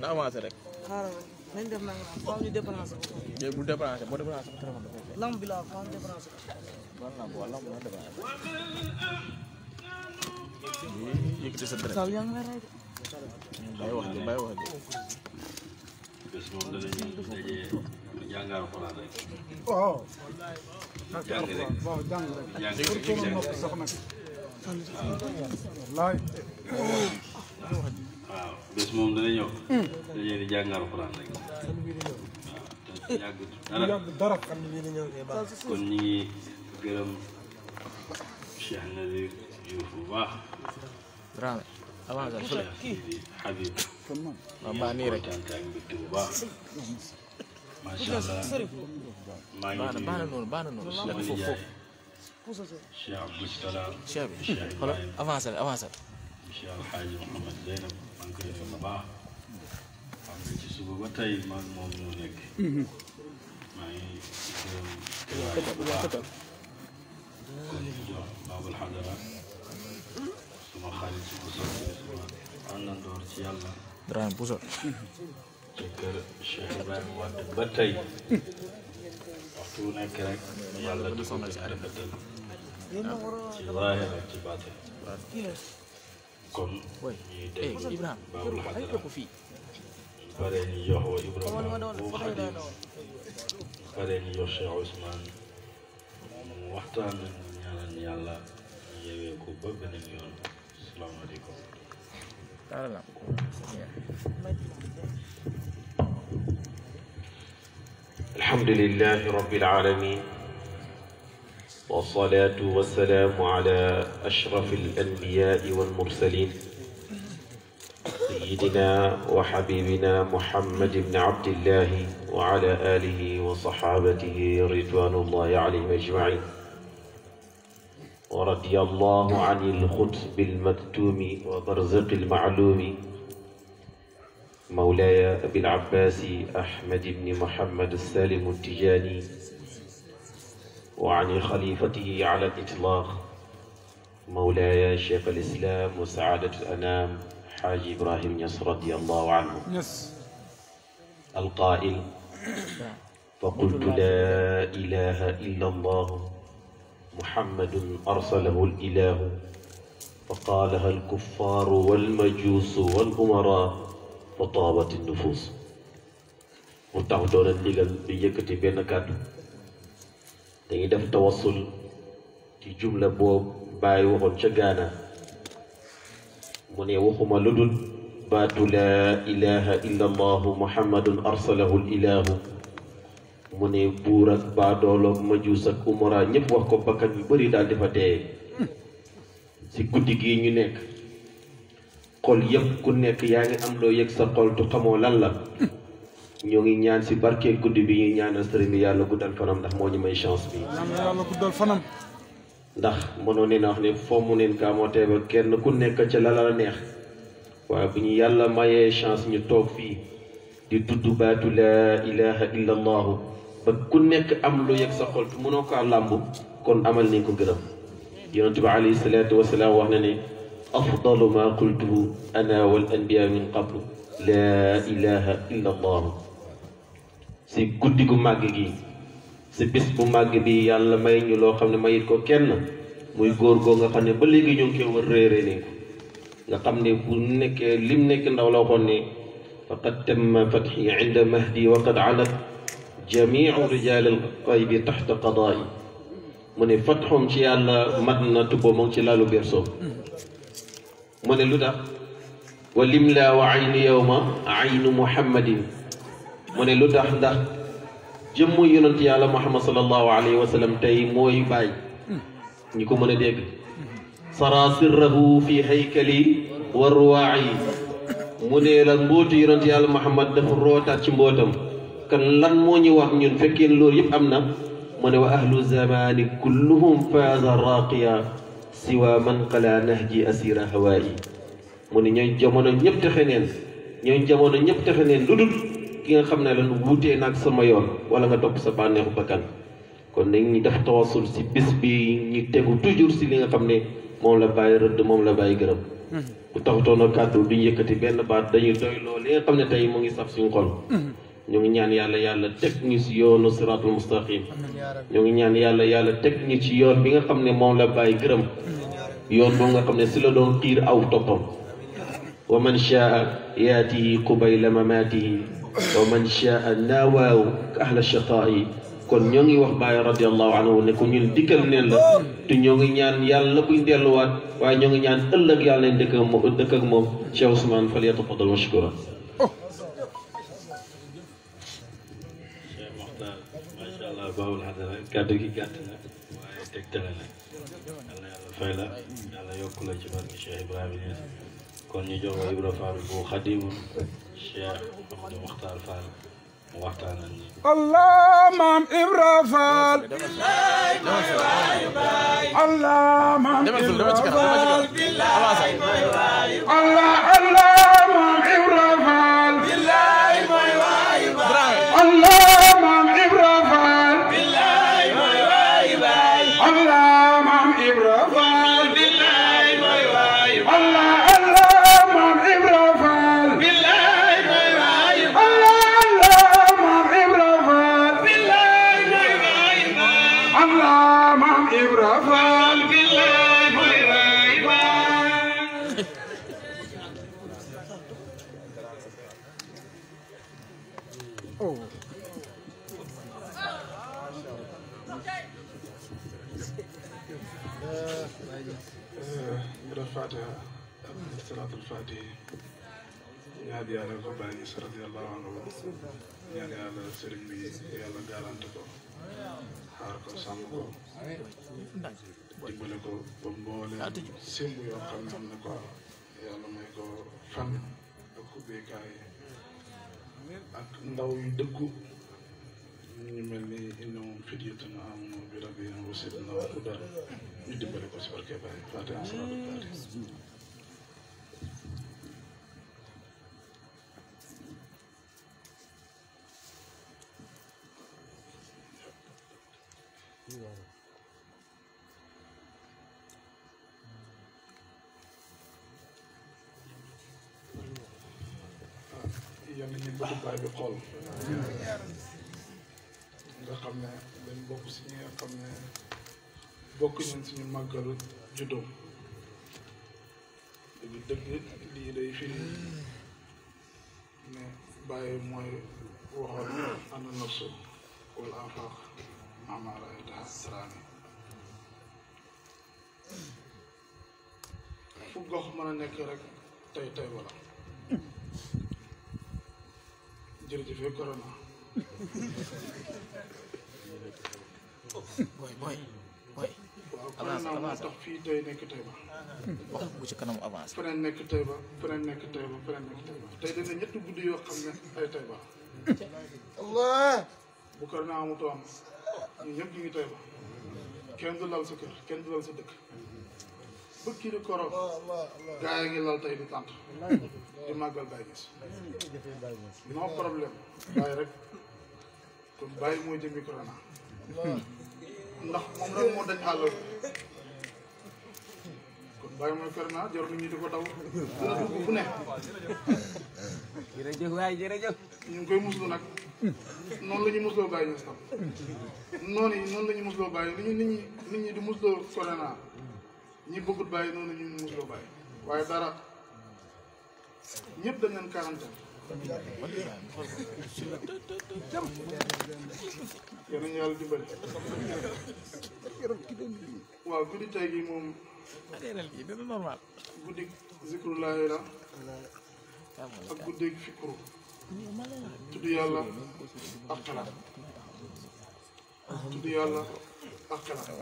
na avancé rek. xaaral nañ def nag faaw de. bàyyi wax ji bàyyi wax ji. bés moom danañu daje jàngal xuraan waaw bés moom dana ñëw. Hmm. dañu leen di jàngal Alxuraan rek. waaw te yàgg dara. kon ñu ngi gërëm Cheikh Nadir Diouf bu baax. vraiment avancé fële. Habib. waaw maa nii rek bu baax. macha allah maa ngi nuyu. baana noonu baana noonu foofu foofu. Cheikh Moustapha. Cheikh bi xoolal avancé avancé. Cheikh Alhaji Mouhamad Zeynab. suñu kilifa bu baax xam nga ci suba ba tey man moom ñoo nekk maa ngi gërëm teewaay bu baax kon jox baabul xadara suma xarit suma soppe suma àndandoor ci yàlla Ibrahima Bousso ci kër Cheikh Ibrahima Wade ba tey waxtu wu nekk rek yàlla di ko gën a rafetal ci zaahir ak ci baatin kon ñuy dégg baabu xadra pare ñu jox wa Ibrahima bu xadim pare ñu jox Cheikh Ousmane mu waxtaan ak ñu ñaanal yàlla ñu yeewee ko ba beneen yoon asalaamaaleykum. alhamdulilah rabbil alamin والصلاة والسلام على أشرف الأنبياء والمرسلين سيدنا وحبيبنا محمد بن عبد الله وعلى آله وصحابته رضوان الله عليهم أجمعين ورضي الله عن الخطب المكتوم وبرزق المعلوم مولاي أبي العباس أحمد بن محمد السالم التجاني وعن خليفته على الإطلاق مولاي شيخ الإسلام وسعادة الأنام حاج إبراهيم يس رضي الله عنه يس القائل فقلت لا إله إلا الله محمد أرسله الإله فقالها الكفار والمجوس والأمراء فطابت النفوس mu tax doon a ndigal bi yëkkati benn kàddu dañuy def tawassul ci jumla boobu bàyyi waxoon ca gaana mu ne waxuma lu dul baatu laa ilaha illa allahu muhammadun arsalahu l mu ne buur ak baadooloog majuus ak umara ñëpp wax ko bakkan yu bëri daal dafa dee si guddi gii ñu nekk xol yëpp ku nekk yaa ngi am loo yëg sa xol tu xamoo lan la ñoo ngi ñaan si barke guddi bi ñuy ñaanal sëriñ bi yàlla guddal fanam ndax moo ñu may chance bi yàlla guddal fanam ndax mënoo nee na wax ne foo neen kaa moo teeba kenn ku nekk ca la la yàlla mayee chance ñu toog fii di dudd allahu ba ku nekk am lu yegg sa xol tu mënoo kon amal nañ ko gërëm yonente bi alayhi salaatu wasalaam wax na ne afdalu ma qultuhu ana wal anbiya min qablu laa ilaha illa allahu si guddi gu màgg gi si bis bu màgg bi yàlla may ñu loo xam ne mayit ko kenn muy góor goo nga xam ne ba léegi ñu ngi koy ni nga xam ne bu nekkee lim nekk ndaw la waxoon ne faqad tamma fatxi inda mahdi wa qad alat jamiu rijaal al taxta qadaayi mu ne fatxum ci yàlla mat na tubboo moom ci laalu bersoom mu ne lu tax wa lim laa wa aynu yowma aynu muhammadin mu ne lu tax ndax jëmmu yonent yàlla muhammad sallallahu alayhi wa sallam tey mooy baay ñi ko mën a dégg sara sirrahu fi haykali wa ruwaayi mu ne la mbootu yonent yàlla muhammad dafa rootaat ci mbootam kan lan moo ñu wax ñun fekkee loolu yëpp am na mu ne wa ahlu zamani kulluhum faaza raqiya siwa man qala nahji asira hawaayi mu ne ñooy jamono ñëpp texe ñooy jamono ñëpp texe lu dul ki nga xam ne la wuutee naag sama yoon wala nga topp sa bànneexu bakkan kon nañ def tawasul si bis bi ñu tegu toujours si li nga xam ne moom la bàyyi rëdd moom la bàyyi gërëm bu taxutoona kàddu duñ yëkkati benn baat dañuy doy loolu li nga xam tey mu ngi saf suñu xol ñu ngi ñaan yàlla yàlla teg ñu si yoonu siraatul mustaqim ñu ngi ñaan yàlla yàlla teg ñu ci yoon bi nga xam ne moom la bàyyi gërëm yoon boobu nga xam ne si la doon xiir aw toppam wa man shaa wa man shaa naawaaw ahla shaqaa'i kon ñoo ngi wax Baay radiyallahu anhu ne ko ñun dikkal neen la te ñoo ngi ñaan yàlla buñ delluwaat waaye ñoo ngi ñaan ëllëg yàlla nañ dëkk ak moom dëkk ak moom Cheikh Ousmane falyatafaddal mashkura baawul xadara kàddu gi gàtt na waaye tegtale na yàlla Cheikh Ahmadou Makhtar Fall mu waxtaanal Allah maam Ibra Fall billaay mooy Alaaji Yàlla ko Baay Ñas radiyallaahu anhu ñaan yàlla sëriñ bi yàlla garante ko xaar ko sàmm ko dimbale ko ba mboole simb yoo xam ne am na ko yàlla may ko fan ak ndaw yu dëggu ñu mel ni innahum fityatun aamanu bi rabbihim wa zidnahum hudan ñu dimbale ko si barke Baay Faatiha Diyor. yéen ñi bëgg bàyyi bi xool nga xam ne dañ bokk si ñi nga xam ne bokk ñun suñu màggal juddoom dëgg dëgg lii day firi ne bàyyi mooy waxoon ana nafsu wala afaq ama raytaha saraani fu gox mën nekk rek tey tey wala jërëjëfe corona booy booy booy avance avance tax fii tey nekk tey ba bu ci kanam avance feneen nekk tey ba feneen nekk tey ba feneen nekk ba ñetti guddi yoo xam ne ay tey ba allah bu corona amutoon ñun ñëpp ñu ngi tooy ba kenn du lal sa kër kenn du lal sa dëkk bëkki di koro gaa yi ngi lal tey di tànt di màggal Baye kon Baye mooy jëmmi corona ndax moom rek moo dañ àllal kon Baye mooy corona jor nit ñi di ko daw dina dugg fu ne jërëjëf waaye jërëjëf ñu ngi koy muslu nag noonu la ñu musloo bàyyi ñu tam noonu yi noonu ñu musloo bàyyi nit ñi nit ñi di musloo solena ñi bëggut bàyyi noonu la ñu bàyyi waaye dara ñëpp dañ leen quarantaine yéen ñu yàlla dimbali waaw guddi tey gi moom guddi zikrullaahi la ak guddi fikru tudd yàlla ak xalaat tudd yàlla ak xalaat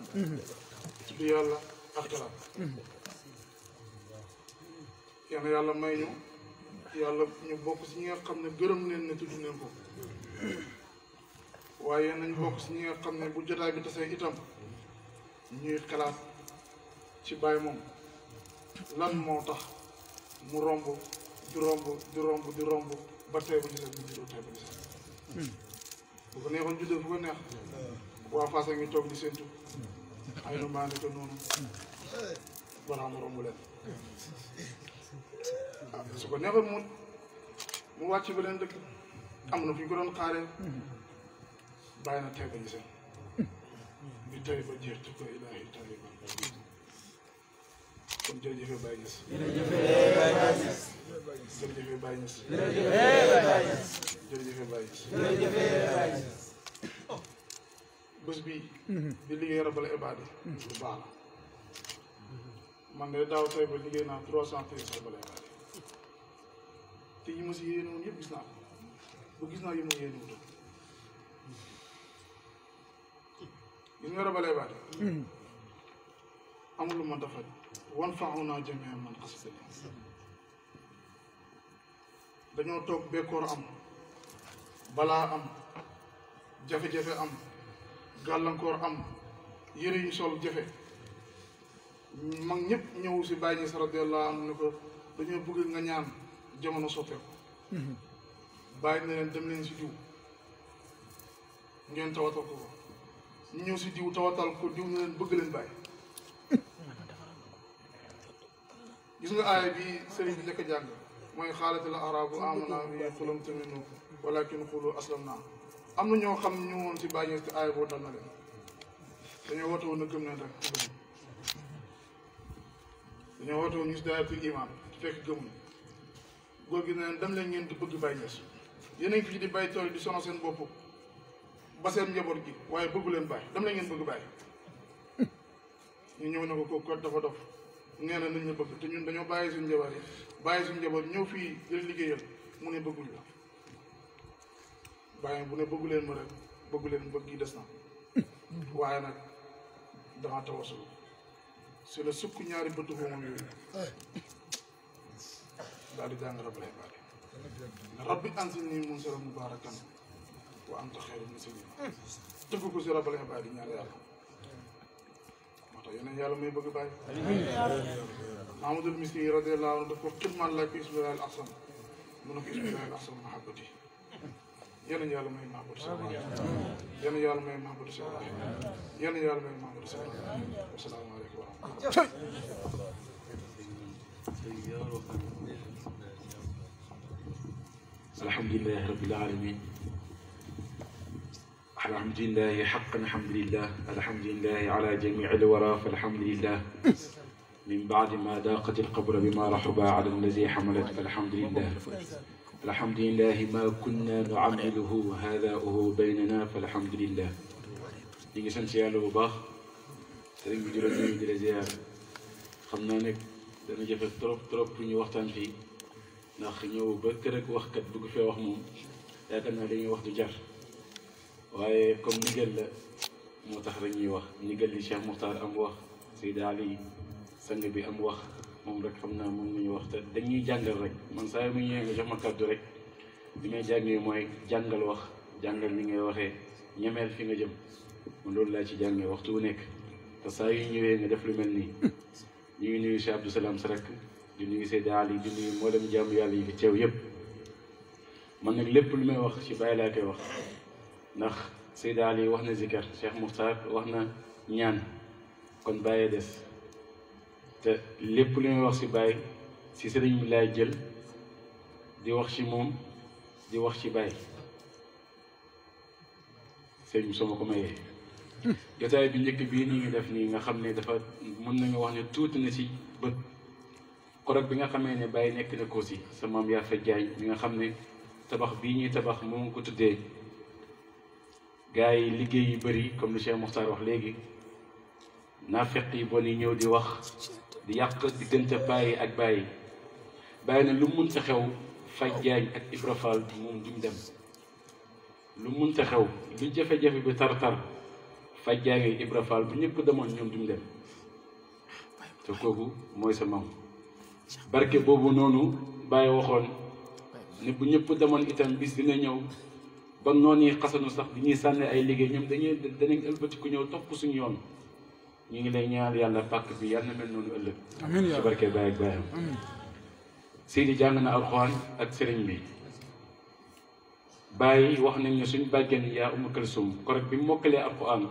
tudd yàlla ak xalaat yal yàlla may ñu yàlla ñu bokk si ñi nga xam ne gërëm leen ne tudd neen ko waaye nañ bokk si ñi nga xam ne bu jotaay bi tasee itam ñuy xalaat ci baay moom lan moo tax mu romb du romb du romb du romb ba tey bu ñu doon juddoo tey ba ñu hmm. bu ko neexoon juddoo bu ko neex hmm. waa Fass a ngi toog di séntu hmm. ay nu maa nekk noonu balaa mu romb leen ah, su ko wàcc beneen dëkk am na fi ko doon xaaree bàyyi na tey ba ñu seen bi tey ba jeex ci ko ilaahi tey kon jërëjëf Baye Niass. jërëjëf Baye Niass. jërëjëf Baye Niass. jërëjëf Baye Niass. jërëjëf Baye Niass. jërëjëf Baye Niass. bés bii. di liggéey rabal ibaada lu baax la. man de daaw tey ba liggéey naa trois cent treize rabal ibaada te yi ma si yéene woon yëpp gis naa ko ba gis naa yi ma yéene wutoon. gis nga rabal ibaada hmm. amul lu ma dafa wanfa'una jami'an man xasitana dañoo toog bekkoor am balaa am jafe am gàllankoor am yëre yu sol jafe mag ñëpp ñëw si bàyyi ñi radiyallahu anhu ne ko dañoo bëgg nga ñaan jamono soppeeku mhm. bàyyi na leen dem leen si jiw ngeen tawatal ko ko ñu ñëw si diw tawatal ko diw na leen bëgg leen bàyyi gis nga aaya bi sëriñ bi njëkk a jàng mooy xaalatil arabu amana bi xulam taminu walakin xulu aslam naa am na ñoo xam ñu si bàyyi te aaya dañoo woote woon na gëm nañ rek si daay fekk gëmuñ góor gi neen dem leen ngeen di bëgg bàyyi ñees yéen a ngi di bàyyi tool di sono seen bopp ba seen njaboot gi waaye bëggu leen bàyyi dem leen ngeen bëgg bàyyi ñu ñëw na ko kooku dafa dof nee na nañ ñu bëgg te ñun dañoo bàyyi suñu njaboot yi bàyyi suñu njaboot ñëw fii jël liggéeyal mu ne bëgguñ la bàyyi bu ne bëgguleen leen ma rek bëggu leen bëgg yi des na waaye nag dama tawasul si la sukk ñaari bëtu moom yooyu daal di jàng rabal ibaadi rabbi anzilni munzaran mubarakan wa anta xayru munzilin tëgg ko si rabal ibaadi ñaari yàlla yéen a yàlla may bëgg bàyyi. Mahamadul Misri radiyallahu anhu daf ko kilmaan laa ko isbiraal ahsan mu ne ko isbiraal ahsan mahabbati yéen a yàlla may mahabbati sa yéen a yàlla may mahabbati sa yéen a yàlla may mahabbati sa asalaamaaleykum wa rahmatulah. alhamdulilah rabbil alamin الحمد لله حقا الحمد لله الحمد لله على جميع الورى فالحمد لله من بعد ما ضاقت القبر بما رحب على الذي حملت فالحمد لله الحمد لله ما كنا نعمله هذاؤه بيننا فالحمد لله ñi ngi sant yàlla bu baax sëriñ bi di la nuyu di la ziar xam naa ne dana jafe trop trop pour ñu waxtaan fii ndax ñëw ba kër ak waxkat bëgg fee wax moom yaakaar naa dañuy wax du jar waaye comme ndigal moo tax rek ñuy wax ndigal li Cheikh Mokhtar am wax Seydi Ali sang bi am wax moom rek xam naa moom nañu wax te dañuy jàngal rek man saa yu mu ñëwee rek li may jàngee mooy jàngal wax jàngal mi ngay waxee ñemeel fi nga jëm man loolu laa ci jàngee waxtu wu nekk te saa yu ñëwee nga def lu mel nii ñu ngi nuyu Cheikh Abdou Salam Sarak di nuyu Seydi Ali di nuyu mboolem jàmm yàlla yi fi teew yëpp man nag lépp lu may wax ci bàyyi laa koy wax ndax Seydi Ali wax na zikar Cheikh Muxtaar wax na ñaan kon bàyyee des te lépp lu muy wax si bàyyi si sëriñ bi jël di wax ci moom di wax ci bàyyi sëriñ bi sama ko mayee jotaay bi njëkk bii nii ngi def nii nga xam ne dafa mën nañu wax ne tuuti na si bët korog bi nga xamee ne bàyyi nekk na ko si sa maam yaa fa jaay bi nga xam ne tabax bii ñuy tabax moom ngi ko tuddee gaa yi liggéey yu bëri comme li Cheikh Mokhtar wax léegi naafeq yi bon yi ñëw di wax di yàq diggante bàyyi ak bàyyi bàyyi na lu mun ta xew faj jaañ ak Ibra Fall moom duñ dem lu mun ta xew lu jafe-jafe bi tar-tar faj bu ñëpp demoon ñoom duñ dem te kooku mooy sa maam barke boobu noonu bàyyi waxoon ne bu ñëpp demoon itam bis dina ñëw ba noonu yi xasanu sax bi ñuy sànni ay liggéey ñoom dañuy danañ ëlbatiku ñëw topp suñu yoon ñu ngi lay ñaar yàlla pàkk bi yàlla na mel noonu ëllëg ci barke Baye ak Bayam Sidi jàng na alxuraan ak sëriñ bi Baye wax nañ ne suñ bàjjen yaa Umu Kalsum korog bi mokkalee alxuraan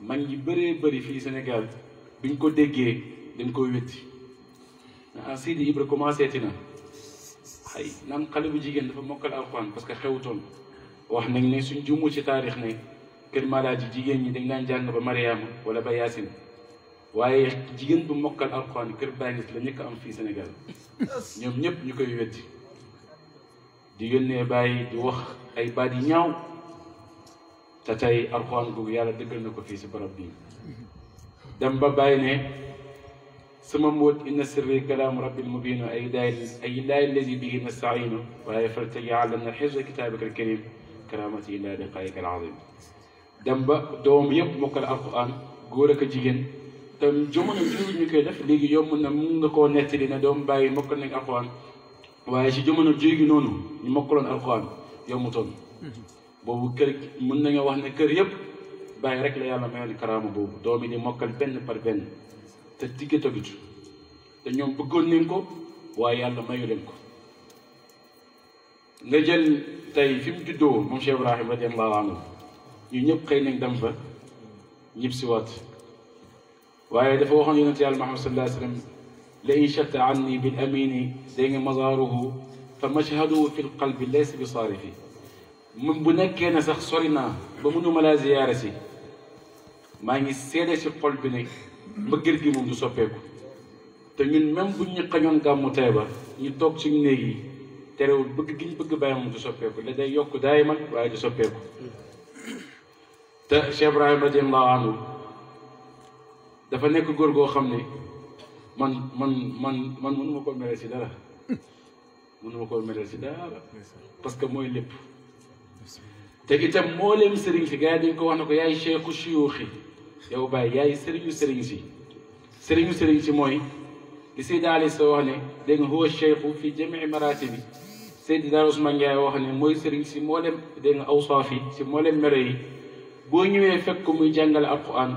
man ñi bëree bëri fii Sénégal biñ ko déggee dañ koy wétti ah Sidi Ibra ti na ay naan xale bu jigéen dafa mokkal alxuraan parce que xewutoon wax nañ ne suñ jumu ci taarix ne kër ji jigéen ñi dañ daan jàng ba mariama wala ba yaasin waaye jigéen bu mokkal alxuraan kër bàngis la ñëkk am fii Sénégal ñoom ñëpp ñu koy weddi di yónnee bàyyi di wax ay baat yi ñaaw te tey alxuraan googu yàlla dëggal na ko fii si barab bii dem ba bàyyi ne sama mbóot inna sirri kalaamu rabbil mubiin ay daay ay daay lazi bihi nasta'iinu waaye fal taj'al lana xifza kitaabika al karaamati illaa liqaayika al azim dem ba doom yëpp mokkal alquran góor ak jigéen te jamono jii ñu koy def léegi yomb na mun nga koo nettali ne doom bàyyi mokkal nañ alquran waaye ci jamono jii noonu ñu mokkaloon alquran yombutoon boobu kër mën nañoo wax ne kër yëpp bàyyi rek la yàlla mayoon karaama boobu doom yi di mokkal benn par benn te digg tagut te ñoom bëggoon nañ ko waaye yàlla mayu leen ko nga jël. tey fi mu juddoo moom Cheikh Ibrahim radiyallahu anhu ñu ñëpp xëy nañ dem fa ñëpp si waat waaye dafa waxoon yonent yàlla Muhammad sallallahu alayhi wa sallam la in shatta anni bil amini day nga mazaaruhu fa mashhaduhu fi lqalbi laysa bi saarifi mun bu nekkee ne sax sori naa ba mënu ma laa ziyaare si maa ngi seede si xol bi ne mbëggeel gi moom du soppeeku te ñun même buñ ñu xañoon gàmmu Taïba ñu toog suñu néeg yi terewul bëgg gi ñu bëgg bàyyam du soppeeku la day yokk daay man waaye du soppeeku te Cheikh Ibrahim radiallahu anhu dafa nekk góor goo xam ne man man man man mënuma koo melal si dara mënuma koo melal si dara parce que mooy lépp te itam moo sëriñ si gars yi ko wax ne ko yaay cheikhu siyuux yi yow bàyyi yaay sëriñu sëriñ si sëriñu sëriñ si mooy li si daali soo wax ne dégg nga huwa cheikhu fi jamii maratibi Seydina Ousmane Ndiaye wax ne mooy sëriñ si mboolem dégg nga awsaaf yi si mboolem melo yi boo ñëwee fekk ko muy jàngale alquran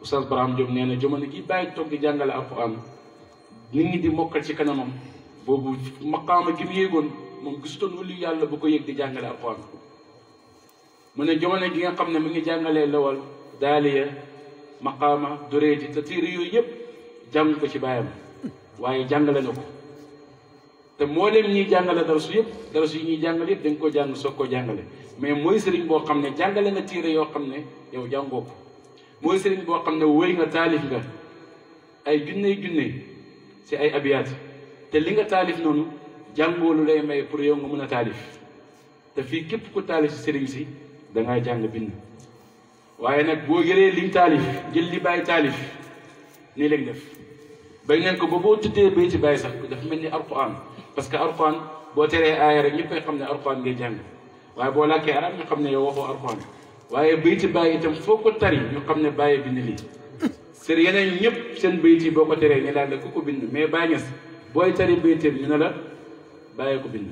Oustaz Braham Diop nee na jamono gi bàyyi toog di jàngale alquran nit ñi di mokkal ci kanamam boobu maqaama gi mu yéegoon moom gisutoon wali yàlla bu ko yëg di jàngale alquran mu ne jamono gi nga xam ne mu ngi jàngalee lawal daaliya maqaama dureeti te téere yooyu yëpp jàng ko ci bàyyam waaye jàngale na ko te moo dem ñuy jàngale darasu yëpp darasu yi ñuy jàngale yëpp da nga ko jàng soo ko jàngale mais mooy sëriñ boo xam ne jàngale nga tiire yoo xam ne yow jàngoo ko mooy sëriñ boo xam ne wéy nga taalif nga ay junney junney si ay abiyaat te li nga taalif noonu jàngoo lu lay may pour yow nga mën a taalif te fii képp ku taalif si sëriñ si dangay jàng bind waaye nag boo yëree liñ taalif jël li bàyyi taalif nii lañ def bañ nañ ko ba boo tuddee bay ci bàyyi sax dafa mel ni alquran parce que alxuraan boo teree aaya rek ñëpp xam ne alxuraan ngay jàng waaye boo làkkee arab ñu xam ne yow waxoo alxuraan waaye bayti bàyyi itam foo ko tari ñu xam ne bàyyi bind lii seen yeneen ñëpp seen bayti yi boo ko teree ñu daal la ku ko bind mais bàyyi ñes booy tari bayteem ñu ne la bàyyi ko bind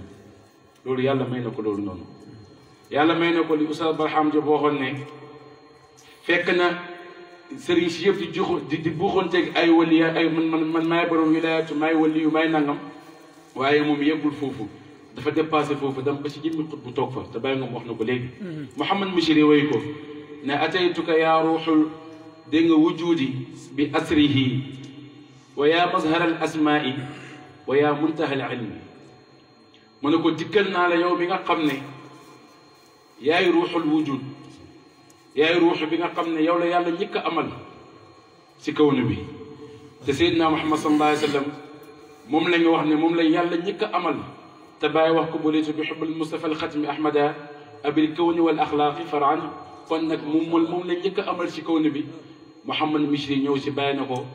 loolu yàlla may na ko loolu noonu yàlla may na ko li oustaz Barham Diop waxoon ne fekk na sëriñ si yëpp di juxu di di buuxoonteeg ay waliya ay man man man maay borom waaye moom yeggul foofu dafa dépassé foofu dama ba ci jëmmi xut bu toog fa te bàyyi ngoom wax na ko léegi mm-hmm. Mouhamad Michiri way ko ne ataytuka yaa ruuxul dégg nga wujudi bi asrihi wa yaa mazhar al asmaai wa yaa muntaha al ilmi mu ne ko dikkal naa la yow bi nga xam ne yaay ruuxul wujud yaay ruux bi nga xam ne yow la yàlla njëkk a amal si kaw na bi te Seydina Muhammad sallallahu alayhi wa sallam moom la ñu wax ne moom la yàlla njëkk amal te bàyyi wax ko bulitu bi xubbul Mustafa alxatmi ahmada abil kawni wal axlaaqi faraan kon nag moom moom la njëkk a amal si kawni bi Mouhamad Misri ñëw si bàyyi na ko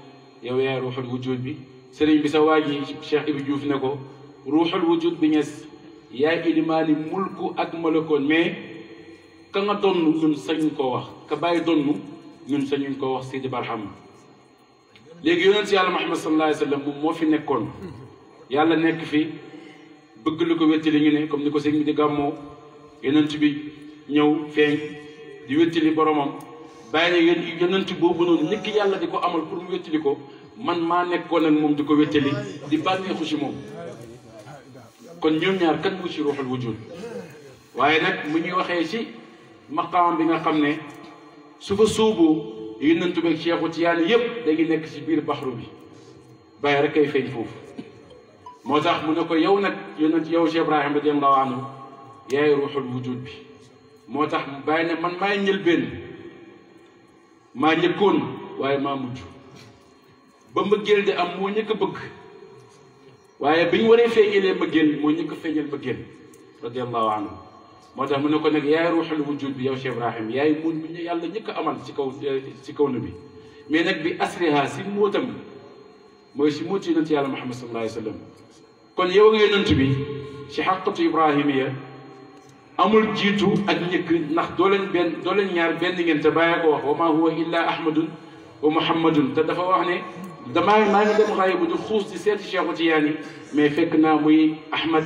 yow yaa ruuxul wujud bi sëriñ bi sa waa ji Cheikh Ibi Diouf ne ko ruuxul wujud bi ñes yaay ilimaani mulku ak molokoon mais ka nga donn ñun sañuñ koo wax ka bàyyi donn ñun sañuñ koo wax Sidi Barham léegi si yàlla Muhammad sallallahu alayhi wa sallam moom moo fi nekkoon yàlla nekk fi bëgg lu ko wettali ñu ne comme ni ko sëñ bi di gàmmoo yonent bi ñëw feeñ di wettali boromam bàyyi na yonent boobu noonu nekk yàlla di ko amal pour mu wettali ko man maa nekkoon ak moom di ko wettali di bànneexu si moom kon ñoom ñaar kan mu ci ruuxul wujud waaye nag mu ñuy waxee ci maqaam bi nga xam ne su fa sóoboo li bi ak Seexu Tijaan yëpp dañuy nekk ci biir baxru bi bàyyi rek kay feeñ foofu moo tax mu ne ko yow nag yonent yow si Ibrahima dem rawaanu yaay ruuxul wujud bi moo tax bàyyi ne man maay njëlbéen maa njëkkoon waaye maa mujj ba mbëggeel di am moo ñëkk a bëgg waaye bi ñu waree feeñalee mbëggeel moo ñëkk a feeñal mbëggeel radiyallahu moo tax mu ne ko nag yaay ruuxul wujud bi yow Cheikh Ibrahim yaay muñ mu ñu yàlla ñëkk a amal ci kaw ci kaw bi mais nag bi asriha si muutam mooy si muut yonent yàlla Muhammad sallallahu alayhi wa sallam kon yow nga yonent bi si xaqatu ibrahimiya amul jiitu ak njëkk ndax doo leen benn doo ñaar benn ngeen te bàyyee ko wax wa maa huwa illa ahmadun wa muhammadun te dafa wax ne damaa maa ngi dem xaayi bu di xuus di seeti Cheikhu Tiyaani mais fekk naa muy ahmad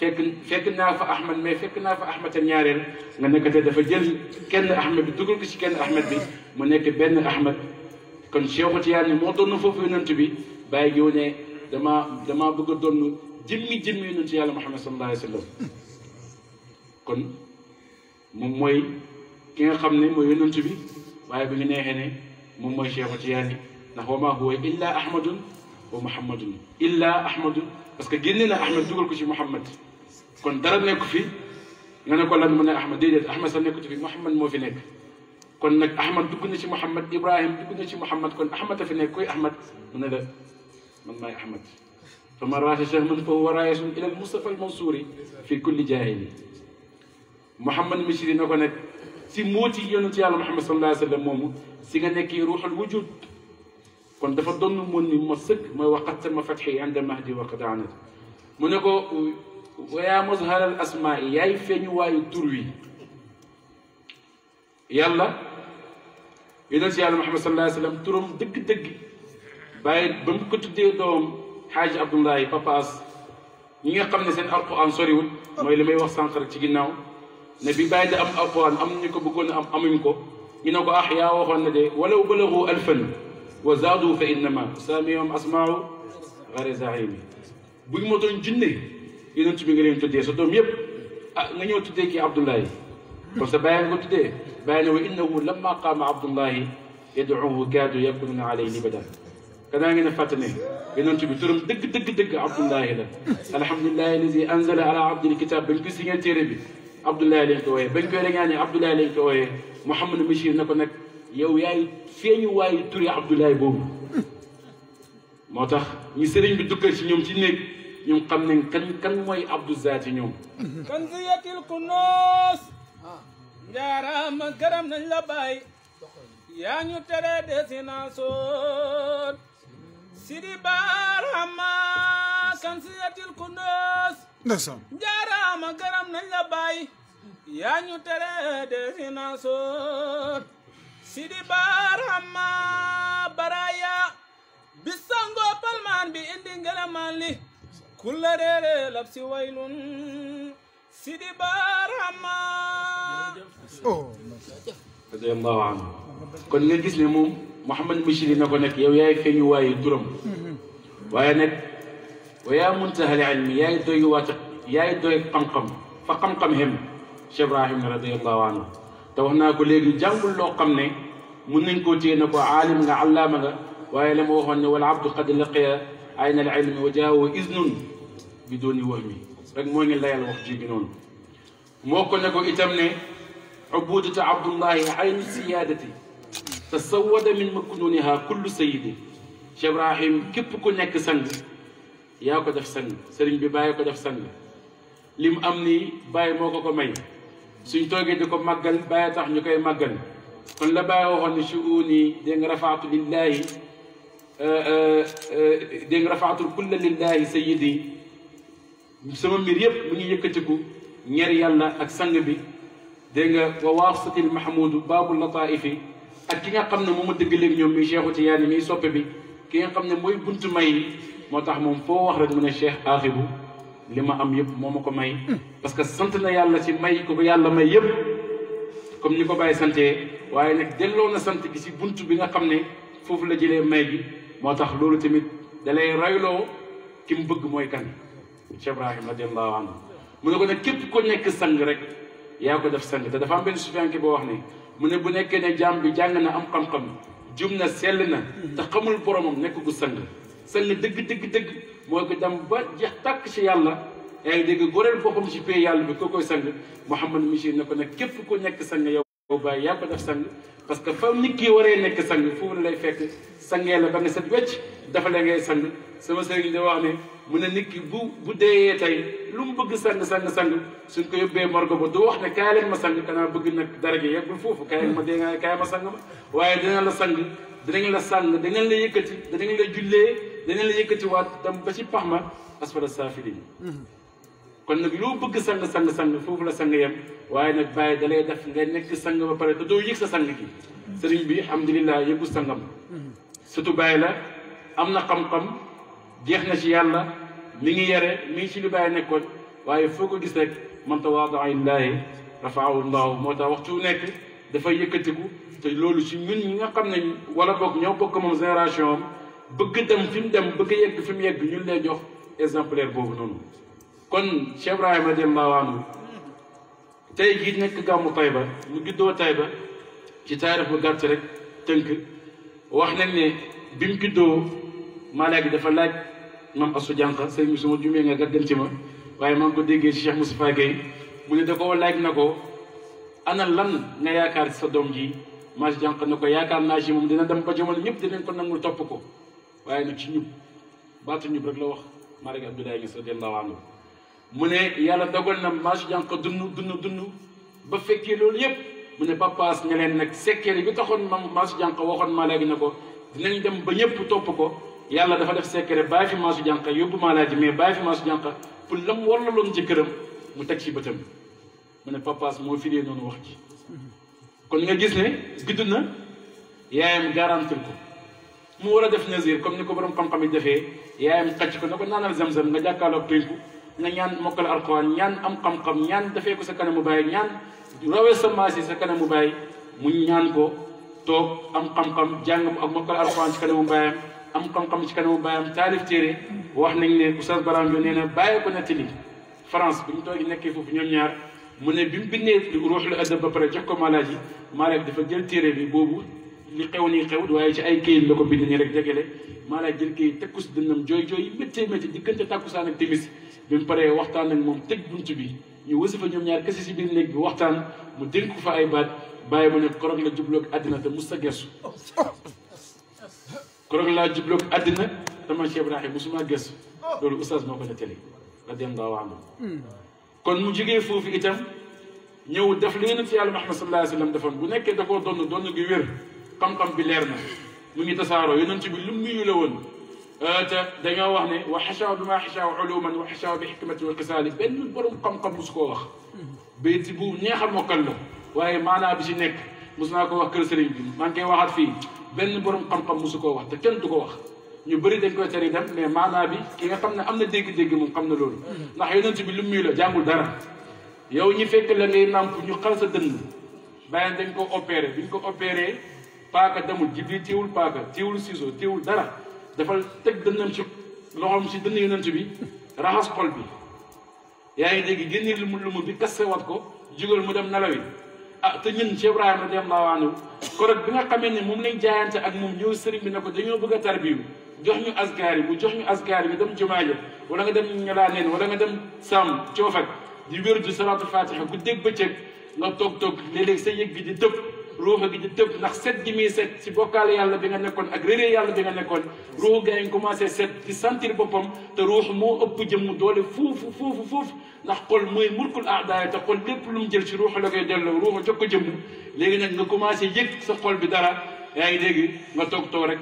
fekk fekk naa fa ahmad mais fekk naa fa ahmad tam ñaareel nga nekk te dafa jël kenn ahmad bi dugal ko ci kenn ahmad bi mu nekk benn ahmad kon Cheikhu Tiyaani moo doon foofu yonent bi bàyyi gi ne damaa damaa bëgg a doon jëmmi jëmmi yonent yàlla Muhammad sallallahu alayhi wa sallam kon moom mooy ki nga xam ne mooy yonent bi waaye bi nga neexee ne moom mooy Cheikhu Tiyaani ndax wa maa huwa illaa ahmadun wa muhammadun illaa ahmadun parce que génne na ahmad dugal ko ci muhammad kon dara ne ku fi nga ne ko lan mu ne Ahmad déedéet Ahmad sax nekkatu fi Mouhamad moo fi nekk kon nag Ahmad dugg na ci Mouhamad Ibrahim dugg na ci Mouhamad kon Ahmad a fi nekk koy Ahmad mu ne la man maay Ahmad fa man raasa sahman fa huwa raayasun ila al-Mustafa al-Mansuuri fi kulli jaahili Mouhamad Misri na ko nekk si mooti yonent yàlla Mouhamad sallallahu alayhi wa sallam moomu si nga nekk ruuxul wujud kon dafa doon mën ni ma sëkk mooy waqat sama fatxi ànda mahdi wa qad anat mu yaa mazharal asmaa yi yaay feeñuwaayu tur wi yàlla yonent si yàlla Muhammad sallallahu alayhi wa sallam turam dëgg-dëgg bàyyi ba mu doom xaaji Abdullahi papaas ñi nga xam ne seen alquran soriwul mooy li may wax sànq rek ci ginnaaw ne bi bàyyi am alquran am ñu ko bëggoon a am amuñ ko ñu ne ko ah yaa waxoon ne de walaw balagu alfan wa zaadu fa innama saamiyom asmaaw gare zahimi buñ ma doon yonent bi nga leen tuddee sa doom yëpp ah nga ñëw tuddee kii Abdullahi parce que bàyyi nga ko tuddee bàyyi na wa innahu lamma qaama Abdullahi yaduuhu kaadu yakunuuna alayhi libadan kanaa ngeen a fàtte ne yonent bi turam dëgg dëgg dëgg Abdullahi la alhamdulilahi alladi anzala ala abdil kitab bañ ko signé téere bi Abdullahi lañ ko wooyee bañ koy reñaane Abdullahi lañ ko wooyee Mouhamadou Bachir na ko nag yow yaay feeñu waayu turi Abdullahi boobu moo tax ñi sëriñ bi dukkal ci ci néeg ñoom xam nañ kan kan mooy Abdou Zaati ñoom. kanziyatil kunuus. njaaraama garam nañ la bàyyi. yaa ñu tere desina soot. sidi baarama kanziyatil kunuus. ndeysaan njaaraama garam nañ la bàyyi. yaa ñu tere desina soot. sidi baarama baraya. bisango palmaan bi indi ngelamaan li. kulla reere labsi waylun sidi baarama radiallahu anhu kon nga gis ne moom Mouhamad Bachir na ko nekk yow yaay feeñu waaye turam waaye nag wa yaa muntahal ilmi yaay doy waat yaay doy xam-xam fa xam-xam xem Cheikh Ibrahim radiallahu anhu te wax naa ko léegi jàngul loo xam ne mun nañ koo téye na ko aalim nga allaama nga waaye la ma waxoon ne wala abdu qad laqiya ayna al ilmi wa jaawo iznun bi doon woy mi rek moo ngi layal wax ji bi noonu moo ko ne ko itam ne ubudatu abdullahi aynu siyaadati tasawada min maknuniha kullu sayidi Cheikh Ibrahim képp ku nekk sang yaa ko def sang sëriñ bi bàyyi ko def sang li mu am nii bàyyi moo ko ko may suñ toogee di ko màggal bàyyi tax ñu koy màggal kon la bàyyi waxoon ne shuuni dégg nga rafaatu lillahi euh, euh, euh, dégg nga rafaatul kulla lillahi sayidi sama mbir yëpp mu ngi yëkkatiku ñer yàlla ak sang bi dégg nga wa waasatil mahmudu baabul lataifi ak ki nga xam ne moom ma a dëggaleeg ñoom mi ci tiyaani miy soppe bi ki nga xam ne mooy buntu may moo tax moom foo wax rek mu ne cheikh aaxibu li ma am yëpp moo ma ko may mm. parce que sant na yàlla ci may ko ko yàlla may yëpp comme ni ko bàyyi santee waaye nag delloo na sant gi si bunt bi nga xam ne foofu la jëlee may bi moo tax loolu tamit dalay rayloo ki mu bëgg mooy kan Cheikh Ibrahim radiyallahu anhu mu ne ko nag képp ko nekk sang rek yaa ko def sang te dafa am benn sufiyanke boo wax ne mu ne bu nekkee ne jaam bi jàng na am xam-xam jum na sell na te xamul boromam nekk gu sang sang dëgg dëgg dëgg mooy ko dem ba jeex takk ci yàlla yaa ngi dégg góoreel boppam ci pay yàlla bi ko koy sang Mouhamad Michir ne ko nag képp ko nekk sang yow bàyyi yaa ko def sang parce que fa nit ki waree nekk sang foofu lay fekk sangee la ba nga set wecc dafa la ngay sang sama sëriñ da wax ne mu ne nit ki bu bu deeyee tey lu mu bëgg sang sang sang suñ ko yóbbee morgo wax ne kaay leen ma sang danaa bëgg nag dara gi foofu kaay leen ma ma sang waaye dina la sang dinañ la sang dinañ la yëkkati dinañ la jullee dinañ la yëkkati waat tam ba ci pax ma asfala saafiliin kon nag loo bëgg sang sang sang foofu la sang yam waaye nag bàyyi dalay def nga nekk sang ba pare te doo yëg sa sang gi sëriñ bi alhamdulilah yëgu sangam sëtu bàyyi la am na xam-xam jeex na ci yàlla mi ngi yare mi ngi ci lu bàyyi nekkoon waaye foo ko gis rek man tawaadaa lillaahi rafaahu llaahu moo tax waxtu nekk dafay yëkkatiku te loolu ci ñun ñi nga xam ne wala boog ñoo bokk moom génération am bëgg dem fi mu dem bëgg yegg fi mu yegg ñun lay jox exemplaire boobu noonu kon Cheikh Ibrahima radiyallaahu anhu tey jii nekk gàmmu Tayba mu giddoo ba ci taarix bu gàtt rek tënk wax nañ ne bi mu juddoo malaay bi dafa laaj mam asu jànq sëñ bi suma jumee nga gàddan ci ma waaye maa ngi ko déggee ci mu Moustapha Gueye mu ne da ko laaj na ko ana lan nga yaakaar sa doom ji maa jànq ne ko yaakaar naa si moom dina dem ba jamono ñëpp dinañ ko nangul topp ko waaye nag ci ñub baatu ñub rek la wax Malick Abdoulaye Niass radiyallahu anhu mu ne yàlla dogal na maa si jànq dund dund ba fekkee loolu yëpp mu ne papaas ne leen nag secret bi taxoon ma maasu jànq waxoon maa léegi ne ko dinañ dem ba ñëpp topp ko yàlla dafa def secret bàyyi fi maasu jànq yóbbu maa laaji mais bàyyi fi maasu jànq pour la mu warlaloon ci këram mu teg ci bëtam mu ne papaas moo firee noonu wax ji kon nga gis ne gidd na yaayam garantir ko mu war a def nasir comme ni ko borom xam-xam yi defee yaayam xacc ko na ko naanal zam-zam nga jàkkaarloog pénku nga ñaan mokkal alxuraan ñaan am xam-xam ñaan defee ko sa kanamu bàyyi ñaan rawee sa yi sa kanamu baay mu ñaan ko toog am xam-xam jàng ak mokkal alxuraan ci kanamu baayam am xam-xam ci kanamu baayam taalif téere wax nañ ne oustaz Baram bi nee na bàyyi ko nettali France bu ñu toog nekkee foofu ñoom ñaar mu ne bi mu bindee ruuxul adab ba pare jox ko malaaj yi malaaj dafa jël téere bi boobu li xew nii xew waaye ci ay këyit la ko bind nii rek jegele malaaj jël këyit teg ko si dënnam jooy jooy yi méttee métti diggante ak bi mu paree waxtaan ak moom tëj bunt bi ñu wasifa ñoom ñaar kese si biir néeg bi waxtaan mu dénk ko fa ay baat bàyyi ba ne korog la jubloog àddina te mus sa gestu korog laa jubloog àddina te man Cheikh Ibrahim musuma gestu loolu oustaz moo ko nettali wax ma kon mu jógee foofu itam ñëw def li ngeen ci yàlla Muhammad sallallahu alayhi wa sallam defoon bu nekkee da koo donn donn gi wér xam-xam bi leer na mu ngi tasaaroo yonent bi lu mu woon Euh, te dañoo wax ne wa xasaw bi maa xasaw uluman wa xasaw bi xikmati wa kasaali benn borom xam-xam musu koo wax bayti bu neexal mokkal la waaye maanaam bi si nekk mos naa ko wax kër sëriñ bi maa ngi koy waxaat fii benn borom xam-xam musu koo wax te kenn du ko wax ñu bëri dañ koy tari dem mais maanaa bi ki nga xam ne am na dégg-dégg moom xam na loolu ndax yonent bi lu muy la jàngul dara yow ñi fekk la ngay nàmp ñu xal sa dënn bàyyi dañ ko opéré bi ñu ko opéré paaka demul jibi téewul paaka téewul ciseau téewul dara dafa teg dënnam ci loxoom ci dënn yonent bi raxas xol bi yaa ngi dégg génne lu mu lu mu bi kassewat ko jugal mu dem nelawi ah te ñun Cheikh Ibrahima radiyallaahu anhu korog bi nga xamee ne moom lañ jaayante ak moom ñëw sëriñ bi na ko dañoo bëgg a tarbiyu jox ñu asgaar bu jox ñu asgaar yi nga dem jumaaja wala nga dem ñalaaneen wala nga dem sàmm coofak di wér du salaatul fatiha guddeeg bëccëg nga toog toog léeg sa yëg bi di dëpp ruuxa gi di tëb ndax set gi muy set ci bokkaale yàlla bi nga nekkoon ak réeré yàlla bi nga nekkoon ruuxu gaa yi commencé set di sentir boppam te ruux moo ëpp jëmm doole foofu foofu foofu ndax xol mooy mulkul aadaaya te xol lépp lu mu jël ci ruuxa la koy delloo ruuxa jox ko jëmm léegi nag nga commencé yëg sa xol bi dara yaa ngi dégg nga toog toog rek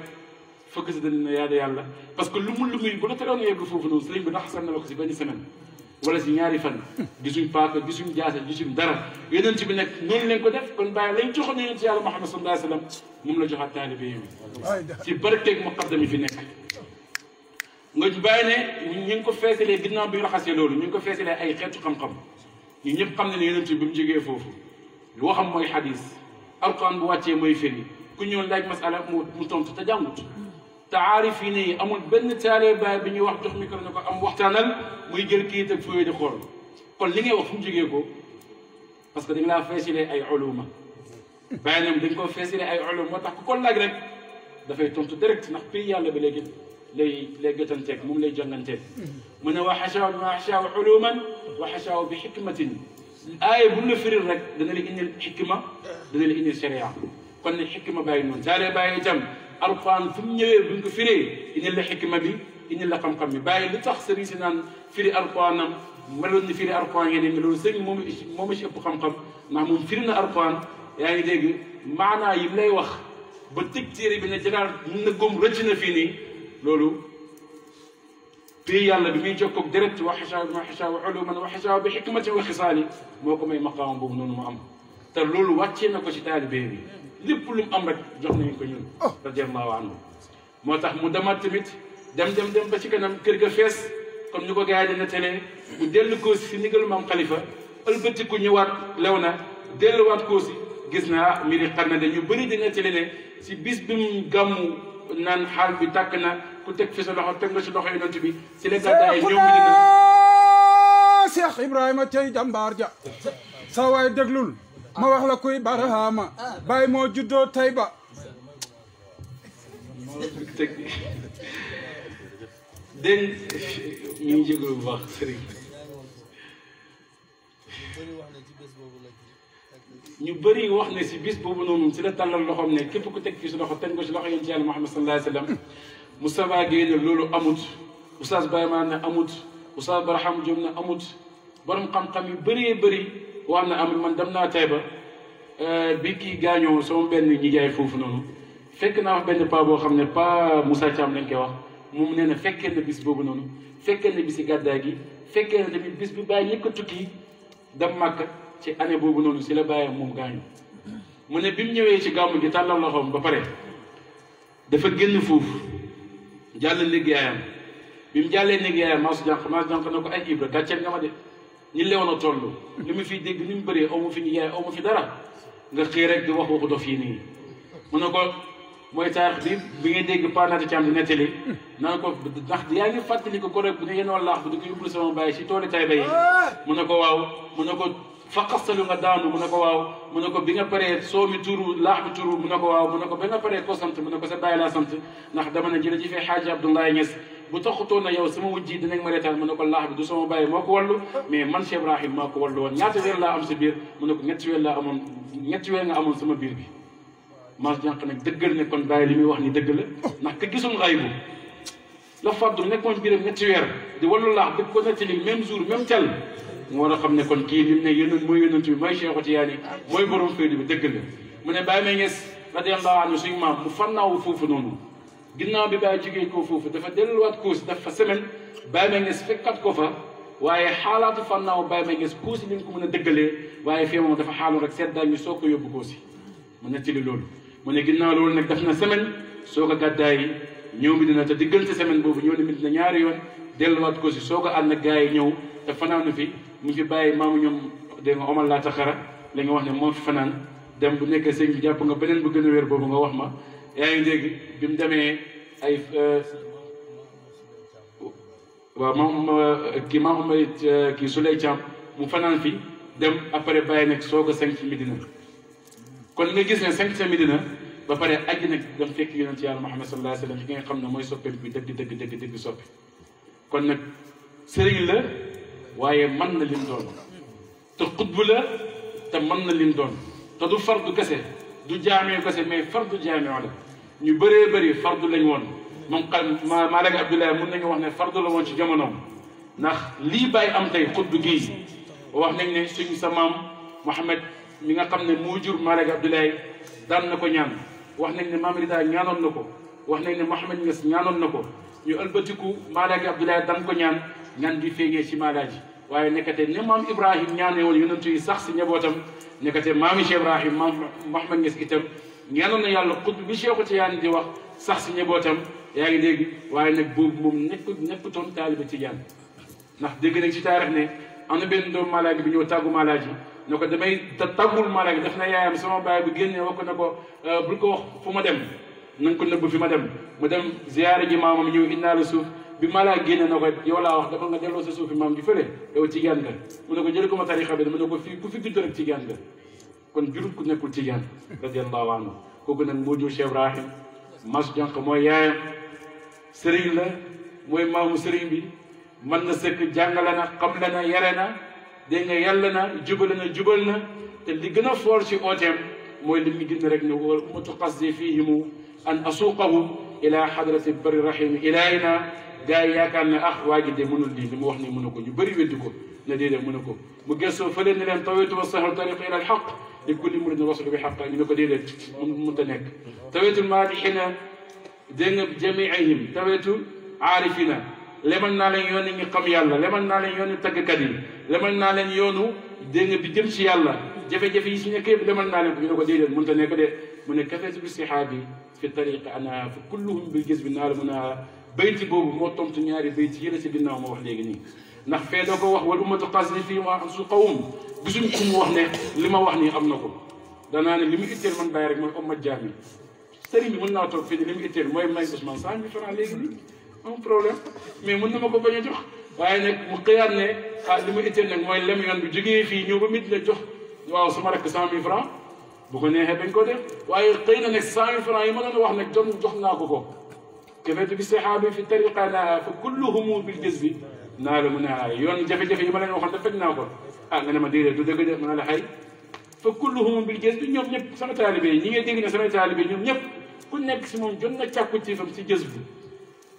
fëkk si dañ ne yaa de yàlla parce que lu mu lu muy bu la teroon yegg foofu noonu sëriñ bi ndax sa na la ko si benn semaine wala si ñaari fan gisuñ paaka gisuñ jaase gisuñ dara yonent bi nag noonu leen ko def kon bàyyi lañ joxoon yonent yàlla Muhammad sallallahu alayhi wa sallam moom la joxaat taalibe yi ci barkeeg muqaddam yi fi nekk nga bàyyi ne ñu ngi ko feesalee ginnaaw bi ñu raxasee loolu ñu ngi ko feesalee ay xeetu xam-xam ñu ñëpp xam ne ne yonent bi mu jógee foofu lu waxam mooy xadis alquran bu wàccee mooy firi ku ñëw laaj masala mu tontu te jàngut te aarifine yi amul benn taalee baay bi ñuy wax jox micro ne ko am waxtaanal muy jël kii ak fooy di xool kon li ngay wax fu mu jógee ko parce que dañ laa feesile ay uluma bàyyi ñoom dañ koo feesile ay ulum moo tax ku ko laaj rek dafay tontu direct ndax pays yàlla bi léegi lay lay gëtanteeg moom lay jànganteeg mu ne wa xashaaw ma xashaaw uluman wa xashaaw bi xikmatin aaya bu la firil rek dana la indil xikma dana la indil sharia kon ne xikma bàyyi noonu taalee bàyyi itam alxuraan fu mu ñëwee buñ ko firee indi la xikma bi indi la xam-xam bi bàyyi lu tax sëriñ si naan firi alxuraanam meloon ni firi alxuraan yeneen mais loolu sëriñ moom moom ci ëpp xam-xam ndax moom firi na alxuraan yaa ngi dégg maanaa yi lay wax ba tëj téere bi ne jagaar mun na góom rëcc na fii nii loolu fii yàlla bi muy jokkoog direct wa xisaaw wa xisaaw wa uluman wa xisaaw bi xikmatin wa xisaali moo ko may maqaama boobu noonu mu am te loolu wàccee na ko ci taalibe bi lépp lu mu am rek jox ko ñun oh. radiallahu anhu moo tax mu demaat tamit dem dem dem ba ci kanam kër ga fees comme ni ko gars yi di nettalee mu dellu ko si ndigal maam xalifa ëlbatiku ñëwaat lew na delluwaat ko si gis naa mbiri xam ne dañu bëri di nettali ne si bis bi mu gàmmu naan xaal bi tàkk na ku teg fi sa loxo teg nga si loxo yonent bi si la gàddaay ñëw mi dina Cheikh Ibrahima tey jàmbaar ja sa waay déglul ma wax la kuy barahama bàyyi moo juddoo Tayba dégg ñu ngi jégalu bu baax sëriñ ñu bëri wax ne si bis boobu noonu si la tàllal loxoom ne képp ku teg fii si loxo teg ko si loxo yonent yàlla Muhammad sallallahu alayhi wa sallam Moustapha Guèye ne loolu amut Oustaz Baye Maane ne amut Oustaz Barham Diom ne amut borom xam-xam yu bëree bëri wax na am man dem naa Taïba euh, bi kii gaañoo sama benn ñijaay foofu noonu fekk naa wax benn pa boo xam ne pa Moussa Thiam lañ koy wax mu mu nee ne fekkee na bis boobu noonu fekkee na bisi gàddaay gi fekkee na tamit bis bi bàyyi ñëpp ko tukki dem màkk ci année boobu noonu si la bàyyi moom gaañu mu ne bi mu ñëwee ci gàmmu gi tàllal loxoom ba pare dafa génn foofu jàll liggéeyam yaayam bi mu jàllee néeg yaayam maasu jànq maasu jànq na ko ay Ibra gàcceel nga ma de ñi lewoon a toll li mu fiy dégg ni mu bëree aw ma fi yaay aw ma fi dara nga xëy di wax waxu dof yi mu ne ko mooy taarix bi bi ngay dégg Paanaati Caam di nettali naan ko ndax yaa ngi ko ko rek bu ñu yenoon laax bi di ko yóbbul sama bàyyi si tooli tay mu ne ko waaw mu ne ko fa xastalu nga daanu mu ne waaw mu ne ko bi nga paree soo mi turu laax bi turu mu ne ko waaw mu ne ko ba nga paree sant mu ne sa bàyyi laa sant ndax dama ne jële ji fee xaaji Abdoulaye bu taxutoon a yow sama wujji dinañ ma reetaan mu ne ko laax bi du sama bàyyi moo ko wallu mais man Cheikh Ibrahim maa ko wallu woon ñaata weer laa am sa biir mu ne ko ñetti weer laa amoon ñetti weer sama biir bi Mass Diankha nag dëggal ne kon bàyyi li muy wax ni dëgg la ndax ka gisum xaybu la fàddu nekkoon biiram ñetti weer di wallu laax dëgg ko nettali même jour même tel mu war a xam ne kon kii li mu ne yónent mooy yónent bi mooy Cheikh Tidiane mooy borom fayda bi dëgg la mu ne bàyyi may ngees radiyallahu anhu suñu maam mu noonu ginnaaw bi bàyyi jógee ko foofu dafa delluwaat kuusi daf fa semaine bàyyi ma ngees fekkat ko fa waaye xaalaatu fannaaw bàyyi ma ngees kuusi li ñu ko mën a dëggalee waaye fee moom dafa xaaloon rek seddaay ñu soo ko yóbbu kuusi mu ne tili loolu mu ne ginnaaw loolu nag def na semaine soo ko gàddaay ñëw mi dina te diggante semaine boobu ñëw ne mi dina ñaari yoon delluwaat kuusi soo ko ànd ak gars yi ñëw te fanaanu fi mu fi bàyyi maamu ñoom dégg nga omal laa taxara xara nga wax ne moo fi fanaan dem bu nekkee sëñ jàpp nga beneen bu gën a boobu nga wax ma yaa ngi dégg bi mu demee ay euh, waaw moom kii maa moom kii su lay càmm mu fanaan fi dem après bàyyi nag soog a sanc Medina kon nga gis ne sanc sa Medina ba pare aji nag dem fekk yonent yàlla Muhammad sallallahu alayhi wa sallam nga xam ne mooy soppeem bi dëgg dëgg dëgg dëgg soppi kon nag sëriñ la waaye man na lim doon te xutbu la te mën na lim doon te du fardu kese du jaamee kese mais fardu ñu bëree bëri fardu lañ woon moom xam ma Malick Abdoulaye mun nañu wax ne fardu la woon ci jamonoom ndax lii bàyyi am tey xutbu gii wax nañ ne suñu sa maam Mouhamed mi nga xam ne moo jur Malick Abdoulaye daan na ko ñaan wax nañ ne Mame Rida ñaanoon na ko wax nañ ne Mouhamed Niass ñaanoon na ko ñu ëlbatiku Malick Abdoulaye daan ko ñaan ñaan di féegee ci Maalaaji waaye nekkate ne maam Ibrahim ñaanee woon yonent yi sax si ñebootam nekkate maami Cheikh Ibrahim maam Mouhamed Niass itam ñaanoon na yàlla xut bi Cheikh Tidiane di wax sax si njabootam yaa ngi dégg waaye nag boobu moom nekk nekkutoon taaliba Tidiane ndax dégg nañ ci taarix ne am na benn doomu malaaka bu ñëw tàggu malaaka yi ne ko damay tàggul malaaka def na yaayam sama baay bu génnee wax ko ne euh, ko ko wax fu ma dem nañ ko fi ma dem mu dem ziyaare ji maamam ñëw indaale suuf bi malaaka génne na ko yow laa dafa nga delloo sa suuf bi maam ji fële yow Tidiane nga mu ne ko jël ko ma tarixa bi dama ne ko fii ku fi gudd rek Tidiane nga kon jurul ku nekkul jigéen radiyallahu anhu kooku nag moo jur Cheikh Ibrahim mas jànq mooy yaayam sëriñ la mooy maamu sëriñ bi mën na sëkk jàngale na xamle na yare na dégg nga yàlla na jubale na jubal na te li gën a foor ci ooteem mooy li mu gën rek ne wa mutaqasdi fihimu an asuqahum ila xadrati bari rahim ilayna gars yi yaakaar ne ah waa ji de mënul lii li mu wax ni mënu ko ñu bëri weddi ko ne déedéet mu ne ko mu gëstoo fële ne leen tawitu wasaxal tariq ila alxaq li kulli muridin rasulu bi xaqa ñu ne ko déedéet mun mënta nekk tawitul maadixina dégg nga jamiihim tawitu aarifina lemal naa leen yoon ñi xam yàlla lemal naa leen yoonu tàggkat yi lemal naa leen yoonu dégg nga bi jëm si yàlla jafe-jafe yi si nekk yëpp lemal naa leen ko ñu ne ko déedéet mënta nekk de mu ne kafetu bi sixaabi fi tariqi ana fa kulluhum bil gis bi naa la mun a bayti boobu moo tontu ñaari bayti yële si ginnaaw ma wax léegi nii ndax fee doo ko wax wal ummatu qasli fii waa am su qawm gisuñ ku mu wax ne li ma wax nii am na ko danaa ne li mu itteel man bàyyi rek mooy ummat jaami sëriñ bi mën naa toog fii ne li mu itteel mooy may Ousmane cent mille francs léegi nii am problème mais mën na ma ko bañ a jox waaye nag mu xëyaat ne ah li mu itteel nag mooy lem yoon bu jógee fii ñëw ba mit la jox waaw sama rek cent mille francs bu ko neexee dañ ko def waaye xëy na nag cent mille francs yi ma doon wax nag jox naa ko ko kafaytu bi sahaabi fi tariqana fa kulluhum bil jazbi naa la mun a ah, yoon jafe-jafe yi ma leen waxoon te fekk naa ko ah nga ne ma déedéet du dëgg de ma la xay fa kulluhum bil jës bi ñoom ñëpp sama taalibe yi ñi ngay dégg ne samay taalibe ñoom ñëpp ku nekk si moom jot na càkku ci fam si jës bu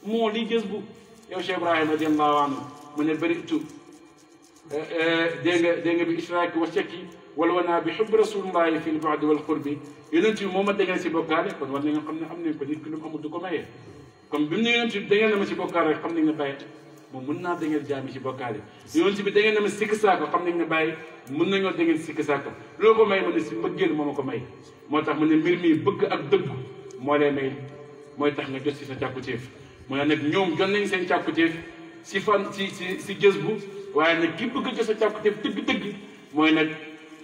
moo li jës bu yow Cheikh Ibrahima radiallahu anhu mu ne bëri tu eh, eh, dégg nga dégg nga bi israaki wa shakki wala wanaa bi xub rasulillahi fi lbaadi wal qurbi yonent bi moo ma déggal si bokkaale kon war na nga xam ne am nañ ko nit ki lu mu amul du ko mayee comme bi mu ne yonent bi déggal na ma si bokkaale rek xam nañ ne bàyyi moo mën naa dangeen jaami ci bokkaale yoon si bi da ngeen dama sikk saako xam nañ ne da ngeen sikk saako loo ko may ma ne si mbëggeel moo ma ko may moo tax mu ne mbir bëgg ak dëgg moo lay may mooy tax nga jot si sa càkkutéef moo ne nag ñoom jot nañ seen càkkutéef si fan si si si jës bu waaye nag ki bëgg jot sa càkkutéef dëgg-dëgg mooy nag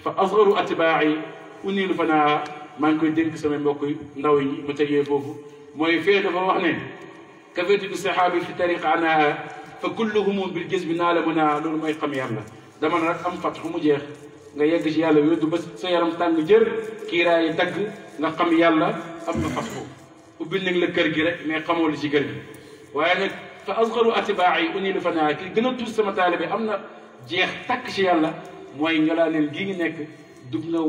fa asgaru atibaayi uniilu fanaa maa ngi koy dénk sama mbokk ndaw yi ma tegee foofu mooy fee dafa wax ne kafeetu bi saxaabi fi tariqa anaa fa kulluhum bil gis bi naa la mën a loolu mooy xam yàlla dama ne rek am fat mu jeex nga yegg ci yàlla wéddu ba sa yaram tàng jër kiiraay yi dagg nga xam yàlla am nga fat ko ubbi nañ la kër gi rek mais xamoo li ci kër gi waaye nag fa asgaru atibaa yi uni li fa naa ki gën a tuus sama taalibe am na jeex takk ci yàlla mooy nga laa leen gii ngi nekk dugg nga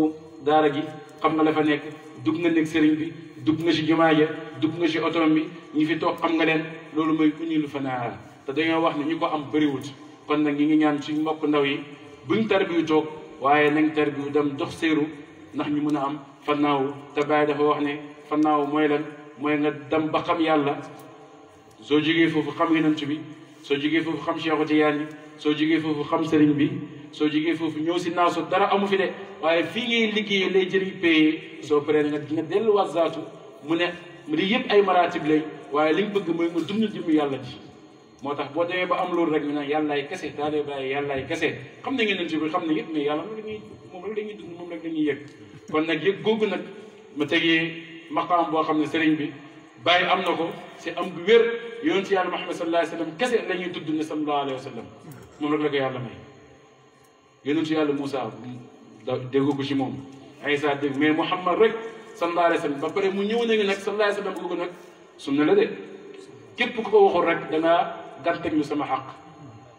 daara gi xam nga la fa nekk dugg nga nekk sëriñ bi dugg nga ci jumaa ja dugg nga ci otom bi ñi fi toog xam nga leen loolu mooy uni lu fa naa te dañoo wax ni ñu ko am bëriwut kon nag ñi ngi ñaan suñ mbokk ndaw yi buñ tarbiyu toog waaye nañ tarbiyu dem dox séeru ndax ñu mën a am fannaaw te bàyyi dafa wax ne fannaaw mooy lan mooy nga dem ba xam yàlla soo jógee foofu xam yonent bi soo jógee foofu xam Cheikh Tijaan bi soo jógee xam sëriñ bi soo jógee foofu ñëw si naaso dara amu fi de waaye fii ngay liggéeyee lay jëriñ payé soo paree nga nga delluwaat zaatu mu ne lii yëpp ay maratib lay waaye liñ bëgg mooy nga dund jëmm yàlla ji moo tax boo demee ba am loolu rek ñu naan yàllaay kese daal di bàyyi kese xam na ngeen ci bi xam ne yëpp mais yàlla moom la ñuy moom rek la ñuy dund moom kon nag yëg googu nag ma tegee maqaam boo xam ne sëriñ bi bàyyi am na ko si am gu wér yoon si yàlla Muhammad sallallahu alayhi wa sallam kese la ñuy tudd ne sallallahu alayhi wa sallam moom rek la ko yàlla may yonent yàlla Moussa dégg ko ci rek sallallahu alayhi wa sallam ba mu ñëw nañu nag sallallahu alayhi wa sallam googu nag de képp ku ko waxul rek dangaa gàttal ñu sama xaq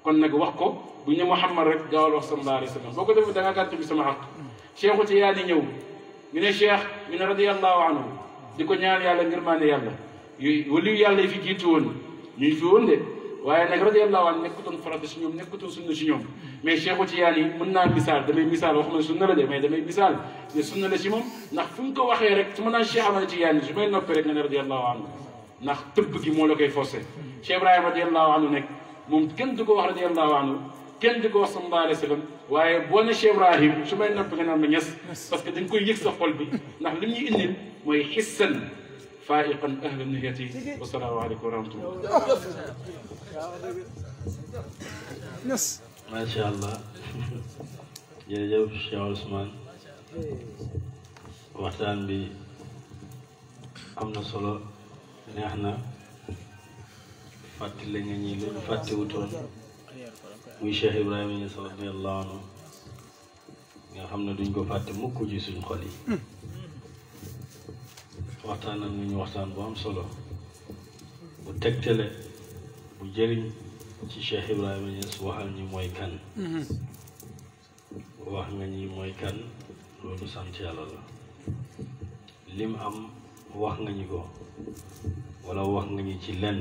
kon nag wax ko bu ñu Muhammad rek gaawal wax sallallahu alayhi wa sallam boo ko defee da ngaa gàttal ñu sama xaq cheikhu Tijaani ñëw ñu ne cheikh ñu ne radiyallahu anhu di ko ñaan yàlla ngir maane yàlla yooyu waliyu yàlla yi fi jiitu woon ñuy fi woon de waaye nag radiyallahu anhu nekkutoon farata si ñoom nekkutoon sunna si ñoom mais cheikhu Tijaani yi mën misaal damay misaal waxuma ne sunna la de misaal ne la si moom ndax fu mu ko waxee rek su ma naan cheikh Ahmad su may noppi rek nga ndax tëbb gi moo la koy forcé Cheikh Ibrahima radiallahu anhu nekk moom kenn du ko wax radiallahu anhu kenn di ko wax sallallahu a wa waaye boo ne Cheikh Ibrahim su may nopp nga naan ma ñes parce que da nga koy yëg sa xol bi ndax li ñuy indil mooy xissan faiqan ahla niyati wa salaamu aleykum allah jërëjëf Cheikh Ousmane waxtaan bi am na solo neex na fàttali la nga ñii luñ fàttewutoon muy Cheikh Ibrahima Niass radiyallahu anhu nga xam ne duñ ko fàtte mukk ji suñ xol yi waxtaan ak ñu waxtaan bu am solo bu tegtale bu jëriñ ci Cheikh Ibrahima su waxal ñi mooy kan wax nga ñi mooy kan loolu sant yàlla la lim am wax nga ñi ko wala wax nga ñu ci lenn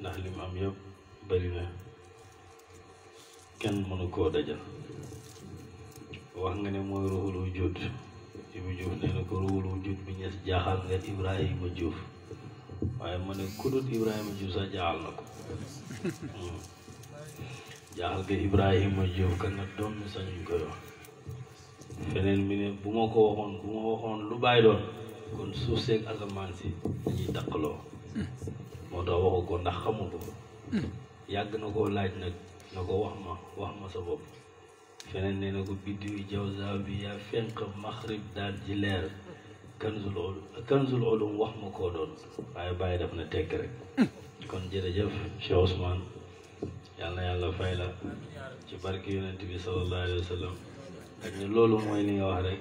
ndax li mu am yëpp bari kenn mënu koo dajal wax nga ne mooy ruhul wujud Ibu Juuf nee na ko ruhul wujud bi ñes jaaxal nga Ibrahima Juuf waaye ma ne kudut Ibrahima Juuf sax jaaxal na ko hmm. jaaxal nga Ibrahima Juuf ka nga doon sañuñ koy wax feneen mi ne bu ma ko waxoon bu ma waxoon lu bàyyi doon kon suuf seeg asamaan si dañuy takkaloo moo tax waxu ko ndax xamu ko yàgg na koo laaj nag na ko wax ma wax ma sa bopp feneen nee na ko biddiw jawza bi yaa fenq maxrib daal di leer kanzul ul kanzul ulum wax ma koo doon waaye bàyyi daf na tekk rek kon jërëjëf Cheikh Ousmane yàlla yàlla fay la ci barke yonent bi sallallahu alayhi ak ne loolu mooy li nga wax rek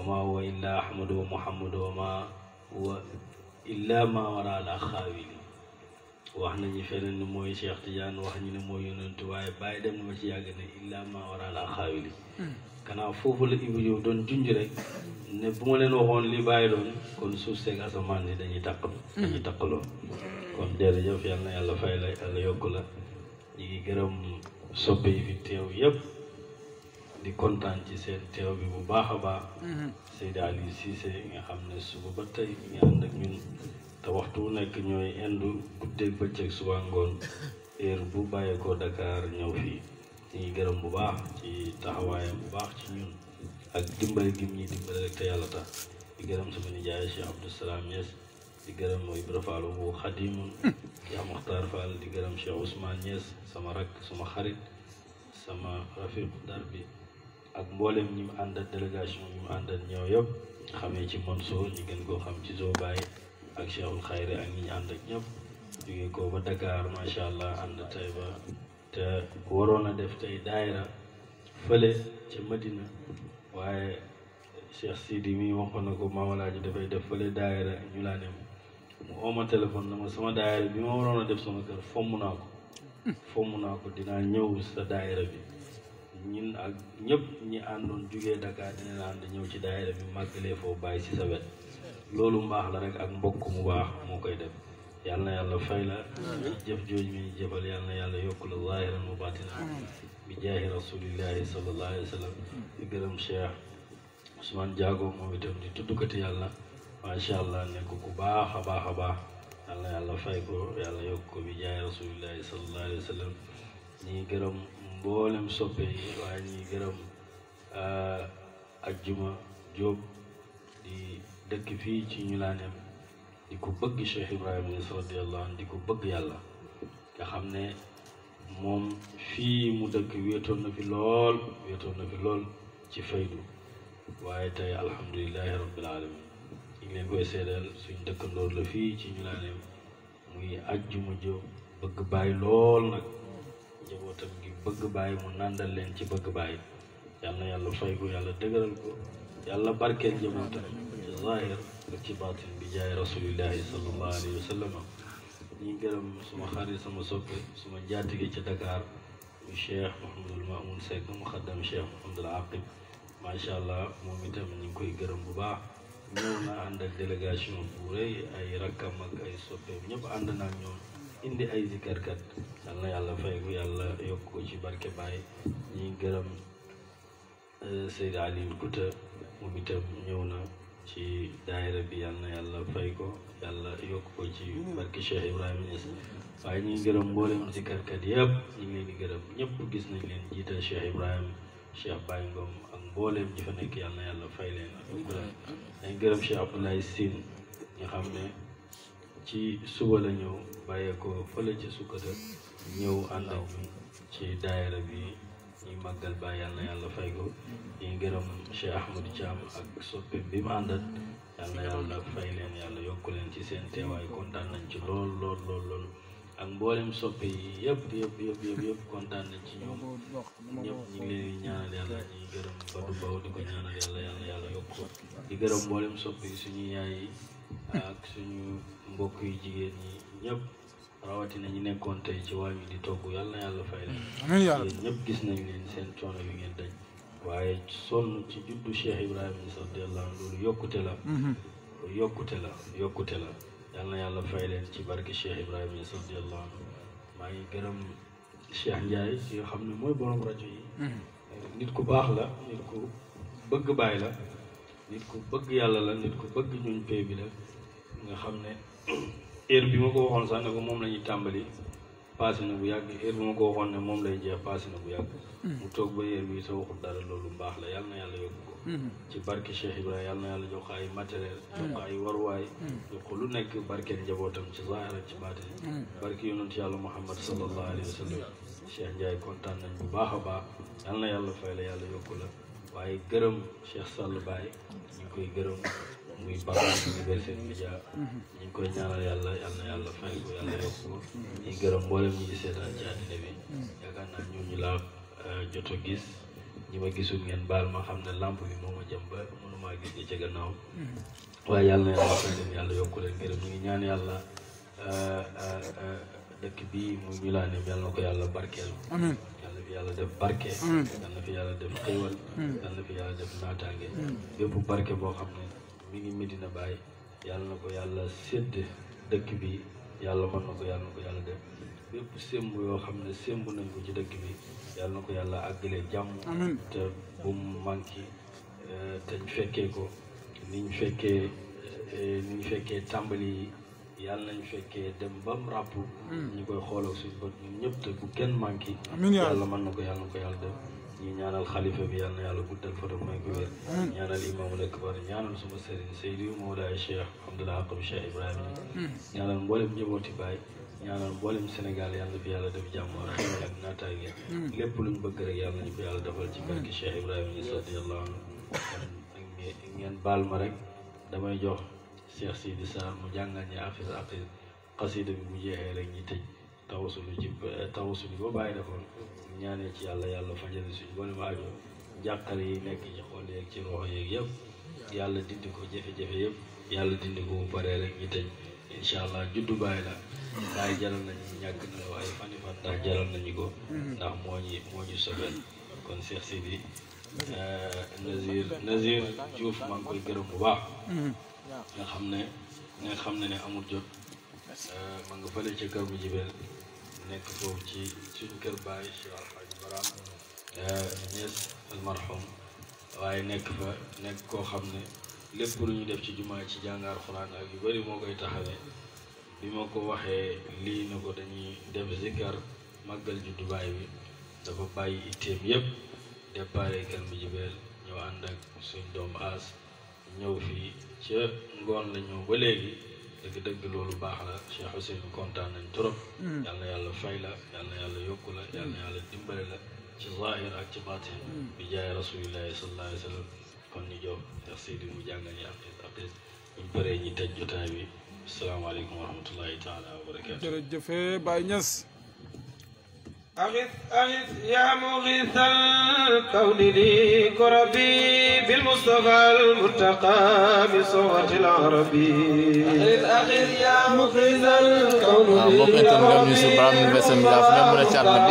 وما هو إلا أحمد ومحمد وما هو إلا ما وراء الأخاوين wax nañu feneen ni mooy Cheikh Tidiane wax ñu ne mooy yonent waaye bàyyi dem na ci yàgg ne illa ma waral a xaawili kanaa foofu la Ibou doon junj rek ne bu ma leen waxoon lii bàyyi doon kon suuf seeg asamaan ni dañuy takk dañuy takkaloo kon jërëjëf yal na yàlla fay la yàlla yokk la ñu ngi gërëm soppe yi teew yëpp di kontaan ci seen teew bi bu baax a baax. Mm-hmm. Seydou Aliou Cissé nga xam ne suba ba tey ñu ànd ak ñun te waxtu wu nekk ñooy indu guddeeg bëccëg suba ngoon heure bu bàyyeekoo Dakar ñëw fii ñu gërëm bu baax ci taxawaayam bu baax ci ñun ak dimbali gim ñi dimbali rek te yàlla tax di gërëm sama nijaay Cheikh Abdou Salam di gërëm Ibra Fall bu Xadim mm-hmm. Cheikh Mokhtar Fall di gërëm Cheikh Ousmane Niass sama rakk sama xarit sama rafiq dar bi ak mboolem ñi mu àndal délégation ñi mu àndal ñëw yëpp xamee ci Mansour ñu gën koo xam ci Zobaay ak Cheikhul ak ñi ñu ànd ak macha allah ànd def ca Madina waaye Cheikh Sidi mi waxoon na ko maamalaay ji dafay def fële daayira ñu laa ne mu oo ma téléphone na ma sama daayira bi ma waroon def sama kër fomm naa ko hmm. fomm naa ko dinaa ñëw sa daayira bi. ñun ak ñëpp ñi àndoon jugee Dakar dinañ ànd ñëw ci daayira bi màggalee foofu bàyyi si sa wet loolu mbaax la rek ak mbokk mu baax moo koy def yàlla yàlla fay la jëf jooj mi ñu na yàlla yokk la zaahiran wa baatina bi jaahi rasulillahi sallallahu alayhi wa sallam di gërëm yàlla macha allah nekk ku baax a baax a baax yàlla yàlla fay ko yàlla yokk ko bi jaahi rasulillahi sallallahu alayhi wa gërëm mboolem soppe yi waaye ñuy gërëm eh, ajjuma jóob di dëkk fii ci ñu laaneem di ko bëgg Cheikh Ibrahima Niass radiallahu anhu di ko bëgg yàlla nga xam ne moom fii mu dëkk wéetoon na fi lool wéetoon na fi lool ci faydu waaye tey alhamdulilahi rabbil alamin ñu ngi koy seedeel suñ dëkkandoor la fii ci ñu laaneem muy ajjuma jóob bëgg bàyyi lool nag njabootam bëgg bàyyi mu nàndal leen ci bëgg bàyyi yàlla yàlla fay bu yàlla dëgëral ko yàlla barkeel njabootam ci zahir ak ci baatin bi jaay rasulillahi sallallahu alayhi wa sallam gërëm suma xarit sama soppe suma njaatige ci Dakar mu cheikh Mouhamadul Mamoun Seck mu xaddam cheikh macha allah moom itam ñu ngi koy gërëm bu baax ñëw na ànd ak délégation bu rëy ay rakkam ak ay soppeem ñëpp ànd na ñoom indi ay zikarkat yal na yàlla fay ko yàlla yokk ko ci barke bay ñi gërëm euh, Seyd Aliou Kouta moom itam ñëw na ci daayira bi yal yàlla fay ko yàlla yokk ko ci barke Cheikh Ibrahima Niass waaye ñi gërëm mboolem zikarkat yëpp ñu ngi leen gërëm ñëpp gis nañ leen jiital Cheikh Ibrahima Cheikh Baye Ngom ak mbooleem ñi fa nekk yal na yàlla fay leen ak gërëm dañ gërëm Cheikh Abdoulaye Sine xam ne ci suba la ñëw bàyyee ko fële ci sukkata ñëw ànd ak ci daayira bi ñuy màggal ba yàlla yàlla fay ko ñuy gërëm Cheikh Ahmadou Thiam ak soppe bi mu àndat yàlla yàlla fay leen yàlla yokk leen ci seen teewaay kontaan nañ ci lool lool lool ak mbooleem soppe yi yëpp yëpp yëpp yëpp kontaan nañ ci ñoom ñëpp ñu ngi leen di ñaanal yàlla ñuy gërëm Badou Baw di ko ñaanal yàlla yàlla yàlla yokk ko di gërëm mboolem soppe yi suñu yaay ak suñu mbokk yu jigéen ñi ñëpp rawatina ñi nekkoon tey ci waañ wi di togg yàlla na yàlla fay leen mm, ñëpp gis nañ leen seen coono yu ngeen daj waaye sonn ci juddu Cheikh Ibrahima Niass radiyallahu anhu loolu yokkute la mm-hmm. yokkute la yokkute la yàlla yàlla fay leen ci barke Cheikh Ibrahima Niass radiyallahu anhu maa ngi gërëm Cheikh Ndiaye yi nga xam ne mooy borom rajo yi mm-hmm. nit ku baax la nit ku bëgg baay la nit ku bëgg yàlla la nit ku bëgg ñun pay bi la nga xam ne heure bi ma ko waxoon sax ne ko moom la ñuy tàmbali passé na bu yàgg heure bi ma ko waxoon ne moom lay jeex passé bu yàgg hmm. mu toog ba heure bi sa waxul dara loolu mbaax la yàlla na yàlla yóbbu ko hmm. ci barke Cheikh Ibrahima na yàlla jox ko ay matériel hmm. ay waruwaay lu nekk barke njabootam ci zaahir ak ci baatin barke yonent yàlla Muhammad sallallahu alayhi wa sallam Cheikh Ndiaye kontaan nañ bu baax a baax yàlla na yàlla fay yàlla yokku la waaye gërëm Cheikh Sall Baye ñu koy gërëm muy papa muy Berkane Média ñu ngi koy ñaanal yàlla yal na yàlla fay ko yàlla yokk ko ñu gërëm mboolem ñi ngi seetaan ci àddina bi yaakaar naa ñooñu laa euh, jot a gis ñi ma gisul ngeen baal ma xam ne làmp bi moo ma jëm ba gis ñi ca gannaaw waaye yàlla yàlla fay leen yàlla yokk leen gërëm ñu ñaan yàlla euh, euh, dëkk bii muy Wilane yal na ko yàlla barkeel yàlla fi yàlla def barke yàlla fi yàlla yàlla fi yàlla def naataange bépp barke boo xam ne bi ngi Medina bàyyi yàlla na ko yàlla sédd dëkk bi yàlla mën na ko yàlla na ko yàlla def bépp semb yoo xam ne sémb nañ ko ci dëkk bi yàlla na ko yàlla àggale jàmm te bu mu manqué euh, te ñu fekkee ko ni niñ fekkee euh, niñ fekkee tàmbali yàlla nañ fekkee dem ba mu ràpp hmm. ñu koy xoolal suñu bët ñun ñëpp te bu kenn manqué yàlla mën na ko yàlla na ko yàlla dem ñu ñaanal xalifa bi yal yàlla guddal fa daf may ko wér ñaanal imaamul akbar ñaanal suma sëriñ Seydou Mawlaay Cheikh Abdoul Aqab Cheikh Ibrahima ñaanal mboolem njabooti baay ñaanal mboolem Sénégal yàlla fi yàlla def jàmm ak xéwal ak naataange lépp luñ bëgg rek yàlla yàlla defal ci barke Cheikh Ibrahima Niass ngeen baal ma rek damay jox Cheikh Sidi Sarr mu jàngal ñi afis ak xasida bi mu jeexee rek ñi tëj tawasulu ci tawasulu ba defoon ñaanee ci yàlla yàlla fajal suñ boole ma aajo jàqare yi nekk ci xol yeeg yëpp yàlla dindi ko jafe-jafe yëpp yàlla dindi ko bu paree rek ñu tëj incha allah juddu bàyyi la ndax jaral nañu ñàkk na la waaye fan fan ndax jaral nañu ko ndax moo ñu moo ñu sobel kon Cheikh Sidi euh, Nazir Nazir Diouf maa koy gërëm bu baax nga xam ne nga xam ne ne amul jot euh, ma nga fële ca kër bu jibel nekk foofu ci suñu kër bàyyi ñees almarhum waaye nekk fa nekk koo xam ne lépp lu ñu def ci jumaa ci jàngaar xuraan ak yu bari moo koy taxawee bi ma ko waxee lii na ko dañuy dem zikkar màggal juddu baay bi dafa bàyyi itteem yépp dépare Kalbi ñëw ànd ak suñ doom aas ñëw fii ca ngoon la ba léegi dëgg dëgg loolu baax la Cheikh Ousseynou kontaan nañ trop mm. yal na yàlla fay la yal na yàlla yokku la yal mm. la ci zahir ak ci baatin mm. bi jaay rasulillahi sallallahu alayhi wa sallam kon ñu jox Cheikh Seydi mu jàngal ñu après après ñu bëree ñi tëj jotaay bi asalaamaaleykum wa rahmatullahi taala wa barakatu jërëjëf Baye Niass أغث أغث يا مغيث الكون لي كربي بالمصطفى المرتقى بصورة العربي أغث أغث يا مغيث الكون لي كربي بالمصطفى المرتقى بصورة العربي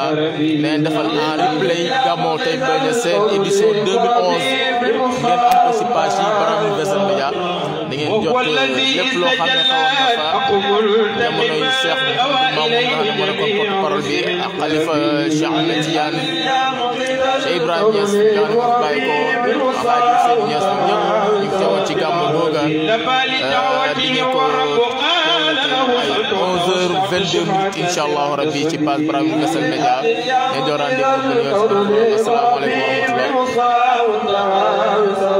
Talla leen defal en replay Gamou tey benn seen édition 2011 ngeen am aussi page yi Barham Universel Media da ngeen jot euh, lépp xam ne xawoon na fa jamono yi Cheikh Mamoun nga xam ne moo nekkoon porte parole bi ak Khalifa euh, Cheikh Ahmed Tidiane Cheikh Ibrahima Niass ñoo xam ko 22 minutes incha allahu rabbi ci page Brahim Universel Media ñu jox rendez-vous ba ñu weesu asalaamaaleykum wa rahmatulah